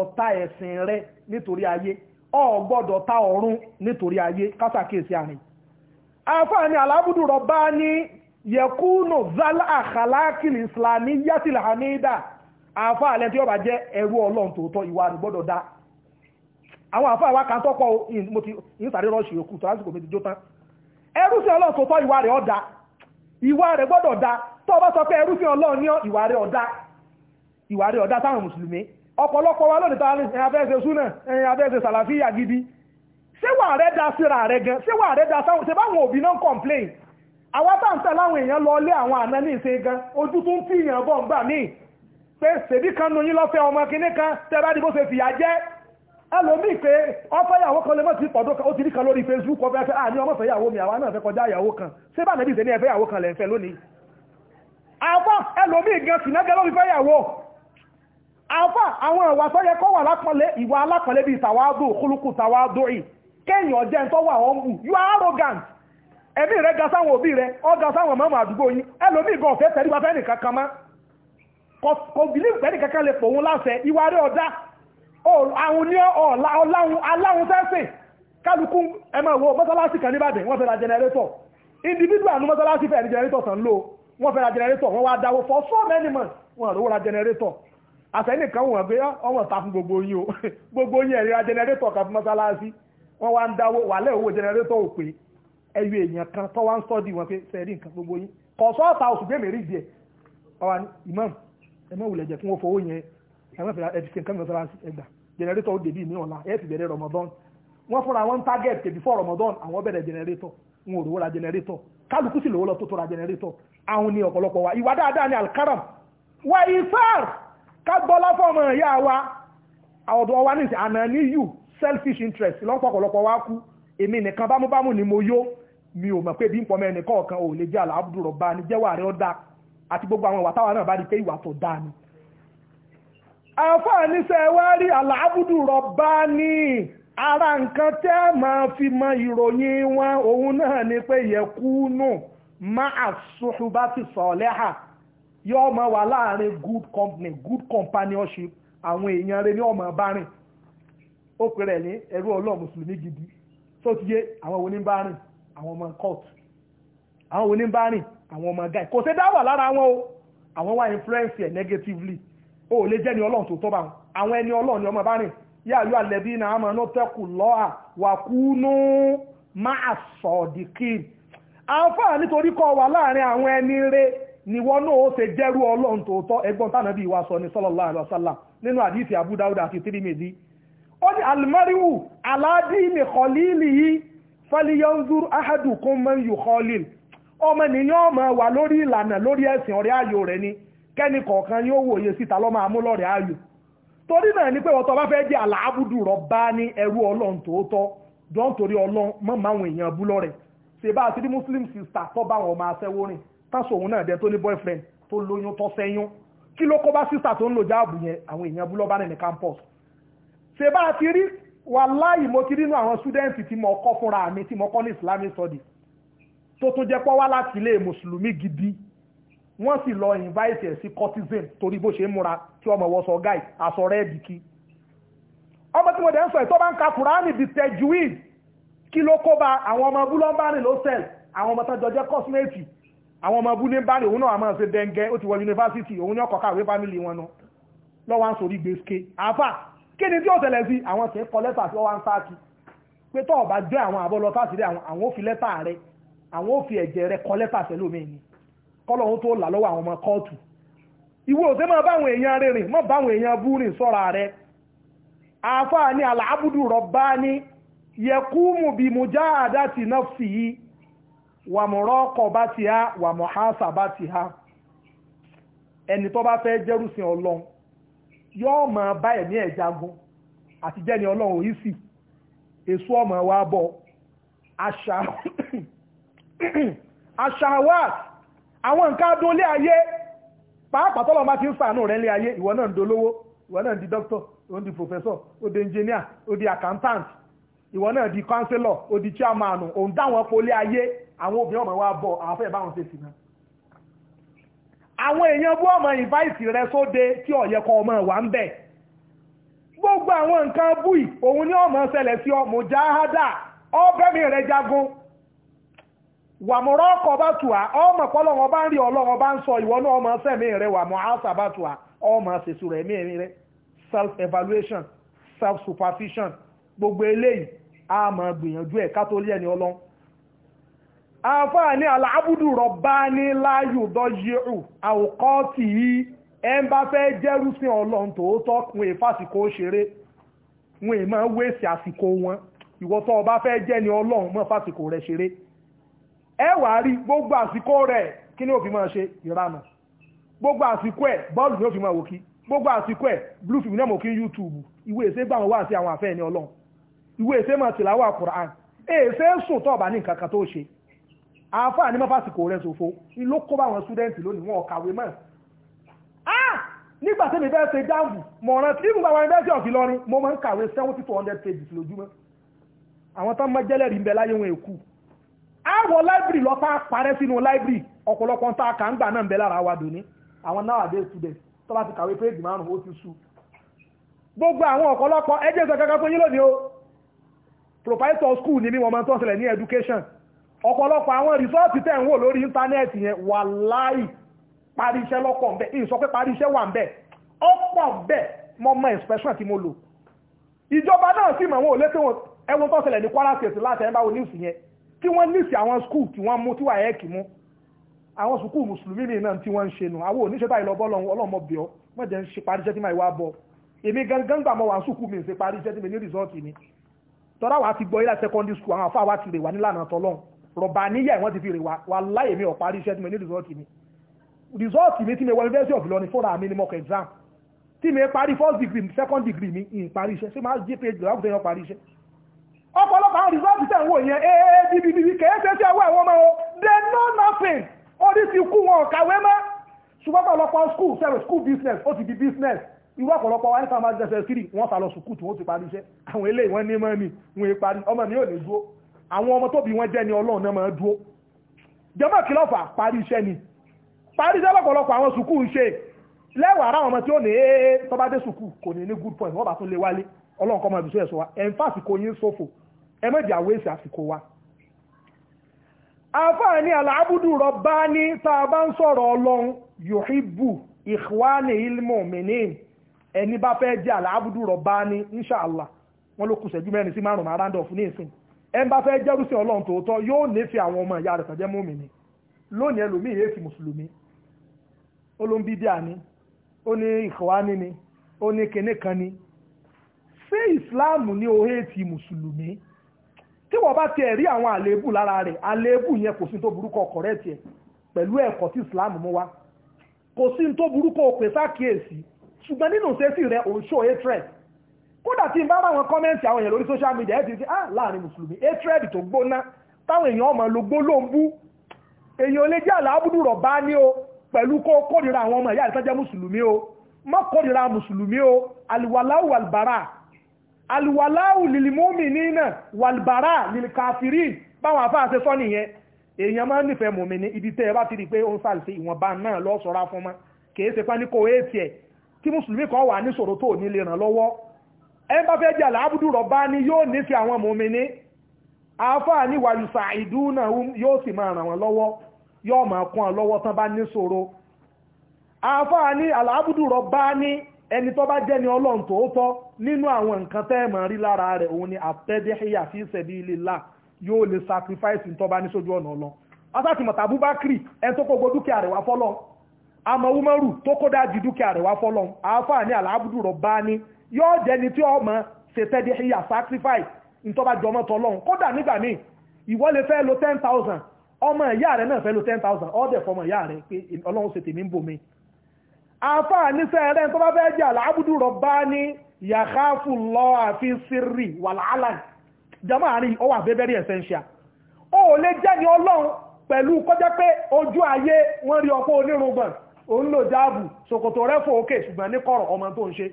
ò ta ẹ̀sìn rẹ nítorí ayé ò gbọ́dọ̀ ta ọ̀run nítorí ayé kásàkíyèsí àárín àfà ni aláàbùdù rọ̀ bá ní yẹkúnù zal àkàlákìlì islami yátìlì hamida àfà alẹ́ tí ọba jẹ́ ẹrú ọlọ́run tòótọ́ ìwà rẹ̀ gbọ́dọ̀ da. àwọn àfà wa kan tọ́pọ̀ mo ti ń sàrí rọ́ọ̀ṣì òkú tó lásìkò mi ti jó tán ẹrú sí ọlọ́run tòótọ́ ìwà rẹ̀ ó ìwà rẹ̀ gbọ́dọ̀ da tó bá sọ pé ẹrúfin ọlọ́run ní ìwà rẹ̀ ọ̀dá ìwà rẹ̀ ọ̀dá sáwọn mùsùlùmí ọ̀pọ̀lọpọ̀ wa lónìí tàà ní ẹ̀yìn abẹ́ẹ̀ṣẹ̀ súnà ẹ̀yìn abẹ́ẹ̀ṣẹ̀ sàlàfíà gidi ṣéwà rẹ̀ da síra rẹ̀ gan ṣéwà rẹ̀ da sáwọn ṣe báwọn òbí náà complain àwa tá ń tẹ̀lé àwọn èèyàn lọ lé àwọn àna ní ìṣe gan ojú tún tí èèyàn bọ̀ ń gbà míì pé ṣèbí kan nu yín lọ́fẹ́ ọmọ kinní kan tẹ́ bá di bó ṣe fìyà jẹ́ ẹlòmíì pé ọfẹ́yàwó kan lè mọ́ ti pọ̀dọ́ kan ó ti rí kan lórí Facebook ọfẹ́ fẹ́ àní ọmọ fẹ́yàwó mi àwa náà fẹ́ kọjá ìyàwó kan ṣé bá nàbí ìṣẹ́ni ẹfẹ́yàwó kan lẹ́ ń fẹ́ lónìí àfà ẹlòmíì gan sì nágẹ́ lórí fẹ́yàwó àfà àwọn ìwà tó yẹ kọ́ wà lápọ̀lẹ́ ìwà alápọ̀lẹ́ bíi tàwádò kúlùkù tàwádò ì kéèyàn jẹ́ tó wà wọ́n mú you are arrogant ẹ̀mí rẹ̀ ga sáwọn òbí rẹ̀ ọ ga sáwọn mọ́mọ́ àdúgbò yín ẹlòmíì gan ọ̀fẹ́ tẹ̀lé wa fẹ́ nìkan kan mọ́ kò bìlí pẹ́ nìkan kan lè pòun láṣẹ ìwà rẹ̀ ọ̀dá àwọn ní aláhun tẹ́sìn kálukú ẹmọ ìwọ mọ́sálásì kan níbàdàn wọ́n fẹ́ ra jẹnẹrétọ̀ individual ní mọ́sálásì fẹ́ ní jẹnẹrétọ̀ tàn lò wọ́n fẹ́ ra jẹnẹrétọ̀ wọ́n wá dáwó for so many months wọ́n rówó ra jẹnẹrétọ̀ àtẹ́nìkan wọ́n gbé ọmọ ta fún gbogbo yín o (laughs) gbogbo yín ẹ̀rí ra jẹnẹrétọ̀ kan fún mọ́sálásì wọ́n wá ń dáwó wàlẹ́ owó jẹnẹrétọ̀ ò pé ẹyọ èèyàn kan tó wá ń sọ́dí wọn pé sẹ́rí nǹkan gbogbo yín kọ̀ọ̀sọ́ọ̀ta oṣù gbé mẹ́rin díẹ̀ ọwà imam ẹ̀mọ́ wùlẹ̀ jẹ́ fún owó yẹn ẹ̀mọ́ fẹ́ ẹ̀dìsẹ̀ nǹkan mọ́sálásì ẹgbàá Generator, ó débì ní ọ̀la ẹ̀ ti bẹ̀rẹ̀ rọmọdán wọ́n fúnra wọn target kè before rọmọdán àwọn bẹ̀rẹ̀ jẹnẹrétọ̀ wọn ò rówó ra jẹnẹrétọ̀ kálukú sì lówó lọ tó tó ra jẹnẹrétọ̀ àwọn ni ọ̀pọ̀lọpọ̀ wa ìwà dáadáa ni alkaram wa ifar kágbọ́lá fọmọ ìyá wa ọ̀dọ̀ wa ní ìsìn àná ní yù selfish interest lọ́pọ̀ ọ̀pọ̀lọpọ̀ wa kú èmi nìkan bámúbámú ni mo yó mi ò mọ̀ pé bí n pọ̀mọ́ ẹnì kọ̀ọ̀kan ò lè jẹ́ àlàbùrọ̀ bá jẹ́wọ́ àrẹ ọ̀dà àti gbogbo àwọn ìwà táwa náà bá di pé ìwà tó dáa ni àǹfààní sẹ́ wá rí aláàbùdù rọ̀bá ní ara nǹkan tẹ́ máa fi mọ ìròyìn wọn òun náà ni pé yẹkúnù máa sùn bá ti sọ̀lẹ́hà yóò máa wà láàrin good company good companionship àwọn èèyàn rẹ ní ọmọ bá rìn ó pèrè ní ẹrú ọlọ́ọ̀ mùsùlùmí gidi tó ti yé àwọn oníbárìn àwọn ọmọ court àwọn oníbárìn àwọn ọmọ guy kò sí dáwà lára wọn o àwọn wá influence ẹ̀ negatively o le jẹ́ ni ọlọ́run tó tọ́ bá wọn àwọn ẹni ọlọ́run ni ọmọ bá rìn yá yọ àlẹ́bí náà àmọ́ náà tẹ́kù lọ́à wà kúnú máa sọ̀dìkì àǹfààní nítorí kọ́ wà láàrin àwọn ẹni rẹ ni wọ́n náà ó ṣe jẹ́rú ọlọ́run tó tọ́ ẹgbọ́n tánàbí wa sọ ní sallallahu nínú àdìsí Abu àti Tirmidhi ó ní almariwu aládìní kọlílìí faliyanzur kẹ́ni kọ̀ọ̀kan yóò wòye síta lọ́mọ amúlọ́rẹ̀ ayò torí náà ni pé wọ́n tó bá fẹ́ jẹ́ àlàábùdù rọ bá ní ẹrú ọlọ́run tòótọ́ dán torí ọlọ́run mọ́ máwọn èèyàn bú lọ́rẹ̀ ṣe bá àti rí muslim sister tó bá wọn máa ṣẹ́wó rìn táṣọ òun náà dẹ tó ní boyfriend tó lóyún tó sẹ́yún kí ló kó bá sister tó ń lò jáàbù yẹn àwọn èèyàn bú lọ́bá ní campus ṣe bá àti rí wàláì mo ti rínú àwọn student tí mo kọ́ fúnra mi tí mo kọ́ ní islamic studies tó tún jẹ́ pọ́ wá láti ilé mùsùlùmí gidi wọ́n sì lọ invite ẹ̀ sí cortisone torí bó ṣe ń múra tí ọmọ wọ́n sọ guy aṣọ rẹ́ẹ̀dì kí ọmọ tí mo dẹ̀ ń sọ ìtọ́ bá ń ka kùránì bí tẹ̀júwìn kí ló kó ba àwọn ọmọ abúlé ń bá rìn ló sẹ́ẹ̀l àwọn ọmọ tán jọjẹ́ cosmeti àwọn ọmọ abúlé ń bá rìn òun náà máa ṣe dẹ́ngẹ́ ó ti wọ yunifásitì òun ní ọkọ̀ káwé fámìlì wọn náà lọ́wọ́ à ń sòrí gbèsè àfà kí ni tí ó ṣẹlẹ̀ sí àwọn sì ń kọ lẹ́tà sí ọwọ́ à ń sáàkì pé tọ́ ọ̀bá jẹ́ àwọn àbọ̀ lọ sásìrí àwọn ò fi lẹ́tà rẹ àwọn ò fi ẹ̀jẹ̀ rẹ kọ lẹ́tà sẹ́lómi ni kọ́lọ́hún tó là lọ́wọ́ àwọn ọmọ kóòtù ìwọ òsè máa báwọn èèyàn rẹ̀ rìn mọ́ báwọn èèyàn bú rìn sọ́ra rẹ̀ àáfàá ní àlàábùdù rọ̀bá ní yẹkúmù bí mujahadati nafsihi wàmúrọ́kọ̀bátíhá wàmúhásábátíhá ẹni tó bá fẹ́ jẹ́rùsìn ọlọ́run yóò máa bá ẹ̀mí ẹ̀ jagun àti jẹ́ni ọlọ́run òyí sí èso ọmọ (coughs) àwọn nǹkan adúlé ayé pàápàá tọ́lọ̀ bá ti ń sàánú rẹ̀ lé ayé ìwọ̀n náà ń dolówó ìwọ̀n náà di doctor ó di professor ó di engineer ó di accountant ìwọ náà di councillor ó di chairman òun dáwọn polé ayé àwọn obìnrin ọmọ wa bọ̀ àwọn náà àwọn ọmọ ìváìsì rẹ sóde tí ọmọ wà ń bẹ̀ gbogbo àwọn nǹkan òun ọmọ sí ọmọ wàmúrọ́ ọkọ̀ bá tù á ọmọ pọ́lọ́wọ́ bá ń rí ọlọ́wọ́ bá ń sọ ìwọ náà ọmọ sẹ́mi rẹ wàmọ̀ áṣà bá tù á ọmọ ṣèṣù rẹ̀ mí rẹ self evaluation self supervision gbogbo eléyìí a máa gbìyànjú ẹ̀ ká tó lé ẹni ọlọ́run àfáàní aláàbùdù rọ̀bá ní láyò dọ́yẹ̀rù àwòkọ́ tì í ẹ ń bá fẹ́ jẹ́rú sí ọlọ́run tòótọ́ wọn è fásìkò ṣeré wọn è máa wéṣì àsìkò wọn ìwọ ẹ wàá rí gbogbo àsìkò rẹ̀ kí ni ó fi máa ṣe ìranù gbogbo àsìkò ẹ̀ bọ́ọ̀lù ni ó fi máa wò kí gbogbo àsìkò ẹ̀ blue film náà mọ̀ kí YouTube ìwé èsè gbà wọn wá sí àwọn àfẹ́ ẹni ọlọ́run ìwé èsè máa tìláwà Quran èsè sùn tọ́ọ̀bà ní nǹkan kan tó ṣe àáfàá ní mọ́fàsìkò rẹ̀ ṣòfò ló kó báwọn súdẹ́ǹtì lónìí wọn kàwé mọ́ ah! nígbà tí mi bẹ́ẹ̀ ṣe dáàbù mọ̀ ọ̀ràn tí ìgbà wọn ẹgbẹ́ ọ̀fìn lọ́rin mo máa ń kàwé seventy to hundred pages lójúmọ́ àwọn tán mọ́ jẹ́lẹ̀rí ń bẹ láyé wọn èkú àwọ̀ library lọ tá a parẹ́ sínú library ọ̀pọ̀lọpọ̀ tá a kà ń gbà náà ń bẹ lára wa dùn ní àwọn nowadays students tó bá ti kàwé péjì márùn-ún ó ti sú gbogbo àwọn ọ̀pọ̀lọpọ̀ ẹjẹ́ ìsọ kankan fún yín lónìí o proprietor school ni mi wọ́n máa ń tó ní education ọ̀pọ̀lọpọ̀ àwọn rìsọ́ọ̀tì tẹ̀ ń wò lórí íńtánẹ́ẹ̀tì yẹn wà láì parí iṣẹ́ lọ́kọ̀ ńbẹ́ ìsọ pé parí iṣẹ́ wà ńbẹ́ ọ̀pọ̀ ńbẹ́ mọ́ mọ́ expression tí mo lò ìjọba náà sì mọ̀ wọn ò lé pé wọn ẹwọ́n tó ṣẹlẹ̀ ní Kwara State láti ẹ̀ bá ní ìsìn yẹn tí wọ́n lìsì àwọn skul tí wọ́n mú tí wà ẹ́ẹ̀kì mú àwọn sukuu mùsùlùmí mi náà tí wọ́n ń ṣe nù àwọn oníṣẹ́ báyìí lọ́bọ́ ọlọ́mọ bíọ́ wọ́n jẹ́ ń ṣe parí iṣẹ́ tí máa wá bọ̀ èmi gangan gbà mọ́ wà sukuu mi ń ṣe parí iṣẹ́ tí mi ní rìsọ́ọ̀tì mi tọ́lá wa ti gbọ́ ilé secondary school àwọn afọ àwa ti rè wá nílànà tọ́lọ́n rọ̀bà níyà wọ́n ti fi rè wá wà láyè mi ò parí iṣẹ́ tí mi ní rìsọ́ọ̀tì mi rìsọ́ọ̀tì mi ti mi wọ University of Ilorin fúnra mi ni mo kọ exam tí mi parí first degree second degree mi ì parí iṣẹ́ ṣé máa jẹ́ pé ìjọba kò parí iṣẹ́ ọ̀pọ̀lọpọ̀ àwọn rìsọ́ọ̀tì tẹ̀ ń wò yẹn ee eh, eh, eh, bíbíbí kèéṣe sí ọwọ́ ẹ̀wọ́n máa o they know nothing orí ti kú wọn kàwé mọ́ ṣùgbọ́n ọ̀pọ̀lọpọ̀ school sẹ́rẹ̀ school business ó ti di business irú ọ̀pọ̀lọpọ̀ wa ní sáà máa jẹ́sẹ̀ kiri wọ́n sá lọ sùkúù tí wọ́n ti parí iṣẹ́ àwọn eléyìí wọ́n ní mọ́ ni wọ́n yé parí ọmọ mi ò ní dúró àwọn ọmọ tó bí wọ́n jẹ́ ni ọlọ́run náà máa dúró jẹ́mọ̀ kí lọ́fà parí iṣẹ́ ni parí iṣẹ́ lọ́pọ̀lọpọ̀ àwọn sùkúù ń ṣe lẹ́wàá ara ọmọ tí ó ní ee tó bá dé sùkúù kò ní ní good point wọ́n bá tún lé wálé ọlọ́run kọ́ máa ibi iṣẹ́ ẹ̀ṣọ́ wa ẹ̀ ń fàsìkò yín ṣòfò ẹ mẹ́jẹ̀ àsìkò wa. àfáà ní aláàbùdù rọ̀bá ní tá a bá ń sọ̀rọ̀ ọlọ́run yòhíbù ìhwánì ilmu mìíràn ẹni bá fẹ́ jẹ́ aláàbùdù rọ̀bá ní inṣàlá wọn ló kù ṣẹ́jú mẹ́rin sí márùn-ún arándọ̀fù ní ìsìn ẹ bá fẹ́ jẹ́rúsìn ọlọ́run tòótọ́ yóò nífẹ̀ẹ́ àwọn ọmọ ìyá rẹ̀ tọ́jẹ́ mọ́mìnì lónìí ẹlòmíì yéé fi mùsùlùmí ó ló ń bídíà ni ó ní ìhwánì ni ó ní kinní kan ni ṣé islam ní ohe ti mùsùlùmí tí wọ́n bá ti rí àwọn àléébù lára rẹ̀ àléébù yẹn kò sí tó burúkọ tiẹ̀ pẹ̀lú ẹ̀kọ́ tí islam mú wa kò sí tó burúkọ òpè sákìyèsí ṣùgbọ́n nínú rẹ̀ òun ṣó hatred kódà tí n bá bá wọn kọ́mẹ́ǹtì àwọn èèyàn lórí social media ẹ̀ ah láàrin mùsùlùmí hatred tó gbóná táwọn èèyàn ọmọ ló èèyàn lè jẹ́ àlàábùdù rọ̀ bá alùwàláwù lìlìmọ́mì nínà wàlbàrà lìlìkàfìrí báwọn àfáà ṣe sọ nìyẹn èèyàn máa ń nífẹ̀ẹ́ mọ̀mí ní ibi tẹ́ ẹ bá ti rí pé ó ń sàlẹ̀ sí ìwọ̀nba náà lọ sọ́ra fún ma kìí ṣe pánikó èètì ẹ̀ kí mùsùlùmí kan wà níṣòro tó ní lè ràn lọ́wọ́ ẹ ni yóò nífẹ̀ẹ́ àwọn mọ̀mí ní àáfàá ní wàlùsà ìdúnà yóò sì máa ràn wọ́n lọ́wọ́ yóò máa kún ọ lọ́wọ́ tán bá ní ni ẹni tó bá jẹ́ ni ọlọ́run tòótọ́ nínú àwọn nǹkan tẹ́ ẹ̀ mọ̀ rí lára rẹ̀ òun ni àtẹ́dẹ́hìyà fi sabilillah yóò lè sacrifice tó bá ní sójú ọ̀nà ọlọ́run asátìmọ̀tà abúbákiri ẹni tó kógo dúkìá rẹ̀ wá fọ́lọ́run amọ̀wúmọ́rù tó kó dájú dúkìá rẹ̀ wá fọ́lọ́run àáfàá ní àlàábùdù rọ̀ bá ní yóò jẹ́ ni ọmọ sacrifice tó bá jọmọ́ tọ́lọ́run kódà nígbà míì ìwọ lè fẹ́ lo ten thousand ọmọ ìyá rẹ̀ náà fẹ́ lo ten thousand ọ́dẹ̀ fọmọ ìyá rẹ̀ pé ọlọ́run ṣe tèmi ń bò mí àfáà níṣẹ́ rẹ̀ tó bá fẹ́ jẹ́ aláàbùdù rọ̀bá ní yàkáfù lọ àfi sírì wà láàlá jama àárín ó wà very essential ó lè jẹ́ ní ọlọ́run pẹ̀lú kọjá pé ojú ayé wọ́n rí ọkọ̀ onírùngbọ̀n òun lò jáàbù ṣòkòtò rẹ̀ fò òkè ṣùgbọ́n ní kọ̀rọ̀ ọmọ tó ń ṣe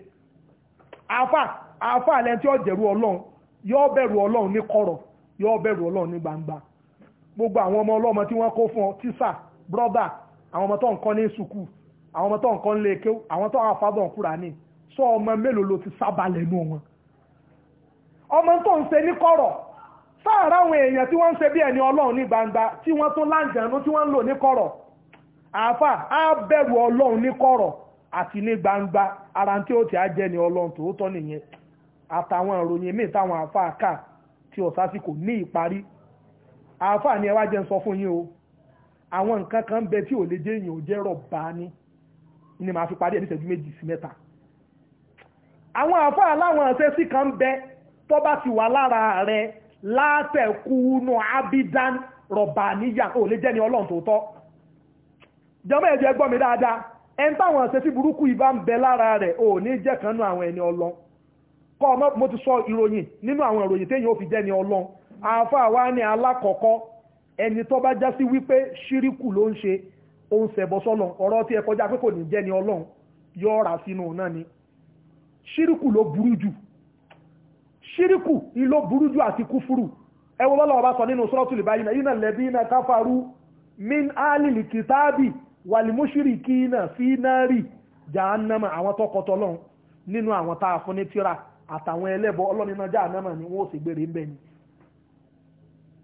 àfáà àfáà lẹ́ni tí ó jẹ̀rù ọlọ́run yóò bẹ̀rù ọlọ́run ní kọ̀rọ̀ yóò bẹ̀rù ọlọ́run ní gbangba gbogbo àwọn ọmọ ọlọ́mọ tí wọ́n kó fún ọ tíṣà brọ́dà àwọn ọmọ tó ń kọ́ ní sùkúù àwọn ọmọ tó nǹkan lè kéwú àwọn tó àwọn afábọ̀ ọ̀kúra ní sọ ọmọ mélòó ló ti sábàlẹ̀ nù wọn ọmọ tó ń ṣe ní kọ̀rọ̀ sáàrà àwọn èèyàn tí wọ́n ń ṣe bí ẹni ọlọ́run ní gbangba tí wọ́n tó láǹjẹ̀nú tí wọ́n ń lò ní kọ̀rọ̀ àáfà á bẹ̀rù ọlọ́run ní kọ̀rọ̀ àti ní gbangba ara tí ó ti á ni ọlọ́run tòótọ́ nìyẹn àtàwọn ìròyìn míì táwọn àáfà kà tí ọ̀sásìkò ní ìparí àáfà ni ẹ wá jẹ́ ń sọ fún yín o àwọn nǹkan kan bẹ tí ò lè jẹ́ èèyàn ò jẹ́ rọ̀ bá ní ni màá fi parí ẹ̀ níṣẹ́jú méjì sí mẹ́ta àwọn àfáà láwọn ọ̀sẹ̀ sí kan bẹ tó bá ti wà lára rẹ látẹ̀kùnú abidan rọ̀bàníyà ò lè jẹ́ ni ọlọ́run tó tọ́ jọmọ́ ẹ̀jẹ̀ gbọ́ mi dáadáa ẹn táwọn ọ̀sẹ̀ sí burúkú ìbá ń bẹ lára rẹ̀ ò ní jẹ́ kan nú àwọn ẹni ọlọ́run kọ́ ọmọ mo ti sọ ìròyìn nínú àwọn ìròyìn téèyàn ó fi jẹ́ ni ọlọ́run àáfàá wa ní alákọ̀ọ́kọ́ ẹni tó bá já sí wípé ṣíríkù ló ń ṣe ó ń ṣẹbọ sọ́lọ̀ ọ̀rọ̀ tí ẹ kọjá ní jẹ́ ni ọlọ́run yóò sínú náà ni ṣíríkù ló burú jù ṣíríkù ló burú jù àti kúfúrù ẹ wo sọ nínú min alìlì kìtàbì wàlìmúṣírì kí iná finari nárì jahannama àwọn tọkọtọ lọ́run ninu àwọn tá a fún ni ni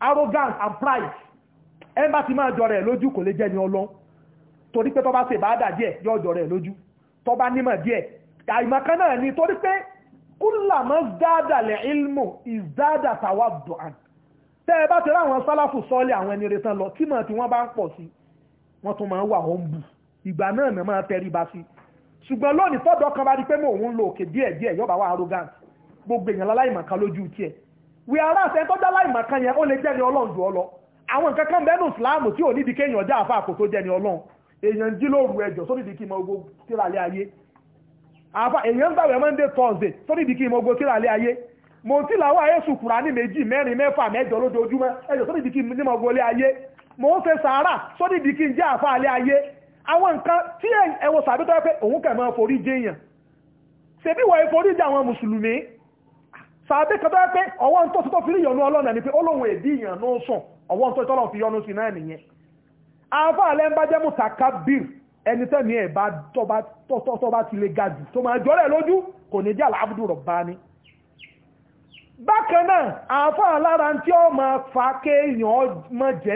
arrogance and pride ẹ bá ti máa jọ rẹ̀ lójú kò lè jẹ́ ní ọlọ́ torí pé tó bá ṣe ìbáadà díẹ̀ yóò jọ lójú tó bá nímọ̀ díẹ̀ àìmọ̀kan náà ni torí pé kúlàmọ́ dáadáa lẹ̀ ilmù ìzádà tàwa dùn tẹ́ ẹ bá ti ráwọn sálàfù sọ́ọ̀lì àwọn ẹni retán lọ tí mọ̀ tí wọ́n bá ń pọ̀ sí wọ́n tún máa ń wà wọ́n bù ìgbà náà mẹ́ máa tẹrí ba sí ṣùgbọ́n lónìí tọ́dọ̀ kan bá di pé mò ń lo òkè díẹ̀ díẹ̀ yọba wà arrogant gbogbo èèyàn láláìmọ̀kan lójú tiẹ̀ wí ara àṣẹ tó dá láì màkàn yẹn ó lè jẹ́ ni ọlọ́run jù ọ lọ àwọn nǹkan kan bẹ́ẹ̀ nù ìsìláàmù tí ò nídìí kéèyàn já àfa àkótó jẹ́ ni ọlọ́run èèyàn jí lóru ẹjọ́ sórí ìdí kí mọ ogbó kíra alẹ́ ayé àfa èèyàn gbàwẹ̀ monday thursday sórí ìdí kí mọ ogbó kíra alẹ́ ayé mo ti làwọn ayé sùkúra ní méjì mẹ́rin mẹ́fà mẹ́jọ lójoojúmọ́ ẹjọ́ sórí ìdí kí mọ ogbó lé ayé mo ń ṣe sàárà sórí ìdí kí n jẹ́ àfa alẹ́ ayé àwọn nǹkan tí ẹwọ sàbí tó yẹ pé òun kẹ̀ mọ́ forí jẹ́yàn ṣèbí wọ́n forí jẹ́ àwọn mùsùlùmí sàbẹ kàbẹ pé ọwọ́ ń tọ́sí tó fi yọnu ọlọ́nà ni pé ó èdè ìyàn ló sùn ọwọ́ ń tọ́sí fi yọnu sí náà nìyẹn afa alẹ́ ń bá jẹ́ mutakabir ẹni tẹ́mi ẹ̀ bá tọ́ba ti lè ga jù tó máa jọ́rẹ̀ lójú kò ní jẹ́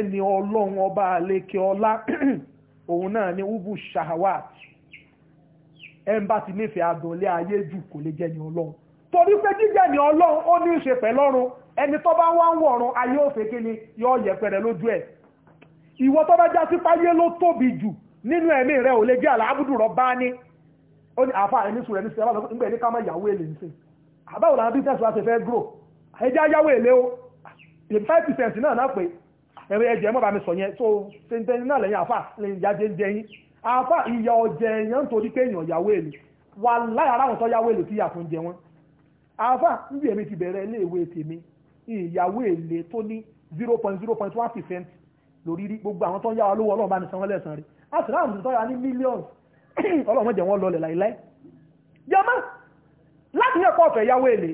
ni ọlọ́run ọba àlekè ọlá (clears throat) òun náà ni ubu shahawat ẹ̀ ń bá ti nífẹ̀ẹ́ torí pé jíjẹ́ ní ọlọ́run ó ní ìṣe pẹ̀lọ́run ẹni tó bá wá ń wọ̀run ayé òfin kí ni yọ yẹpẹrẹ lójú ẹ̀ ìwọ tó bá já sí páyé ló tóbi jù nínú ẹ̀mí rẹ̀ ò lè jẹ́ àlàábùdù rọ bá ní ó ní ẹni sùn o five percent náà náà pé ẹ̀rẹ́ ẹ̀jẹ̀ mọ́ mi sọ yẹn náà lẹ́yìn lẹ́yìn ìyá jẹ́ yín ìyà ọ̀jẹ̀ èèyàn torí pé èèyàn èlé wà láyàrá àwọn tó èlé tí yà fún jẹ wọn afa níbi èmi ti bẹ̀rẹ̀ iléèwé tèmi ìyàwó èlé tó ní zero point zero point one percent lórí rí gbogbo àwọn tó ń yá wa lówó ọlọ́run bá ní sanwó lẹ́sàn-án rí asiram tó yà ní millions (clears throat) ọlọ́run jẹ́ wọ́n lọlẹ̀ láìláì jẹ́mọ́ láti yẹ kọ́ ọ̀fẹ́ yáwó èlé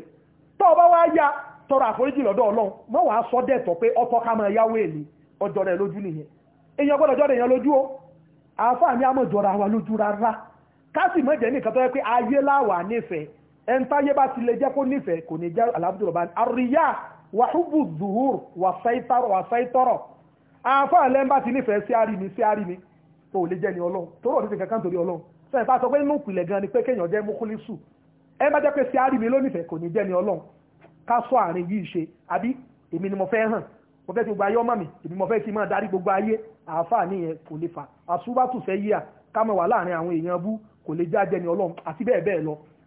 tó o bá wá yá tọrọ àforíjì lọ́dọ̀ ọlọ́run mọ́ wàá sọ dẹ̀tọ̀ pé ọkọ̀ ká máa yáwó èlé ọjọ́ rẹ̀ lójú nìyẹn èèyàn gbọ́dọ̀ jọ́dọ̀ èèyàn lójú o àǹfààní àmọ̀jọ́ra wa lójú rárá ká sì mọ̀jẹ́ nìkan tó yẹ pé ayé láwà nífẹ̀ẹ́ ẹn táyé bá ti lè jẹ́ kó nífẹ̀ẹ́ kò ní jẹ́ alábùdùrọ̀ bá ní àríyá wàhúbù zuhur wàsáìtọ́rọ̀ àáfà lẹ́n bá ti nífẹ̀ẹ́ sí àrí mi sí àrí mi tó lè jẹ́ ni ọlọ́run tó rọ̀ nífẹ̀ẹ́ kankan torí ọlọ́run sọ ìfà sọ pé inú ìpìlẹ̀ gan ni pé kéèyàn jẹ́ mọ́kúlísù ẹ bá jẹ́ pé sí àrí mi lónìfẹ̀ẹ́ kò ní jẹ́ ni ọlọ́run ká sọ àárín yìí ṣe àbí ni mo fẹ́ hàn mo fẹ́ ti gbogbo ayé ọmọ mi èmi mo fẹ́ ti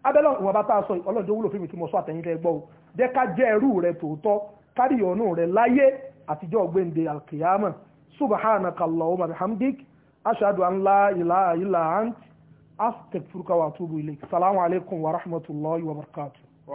abẹ́lọ́ ìwọ̀n bá tá a sọ ọlọ́jọ́ wúlò fíìmù tí mo sọ àtẹ̀yìn rẹ gbọ́ o jẹ́ ká jẹ́ ẹrú rẹ tòótọ́ kárí ọ̀nà rẹ láyé àtijọ́ gbẹ̀ǹde alkiyama subhanaka allahumma bihamdik ashhadu an la ilaha illa ant astaghfiruka wa atubu ilayk salamu alaykum wa rahmatullahi wa barakatuh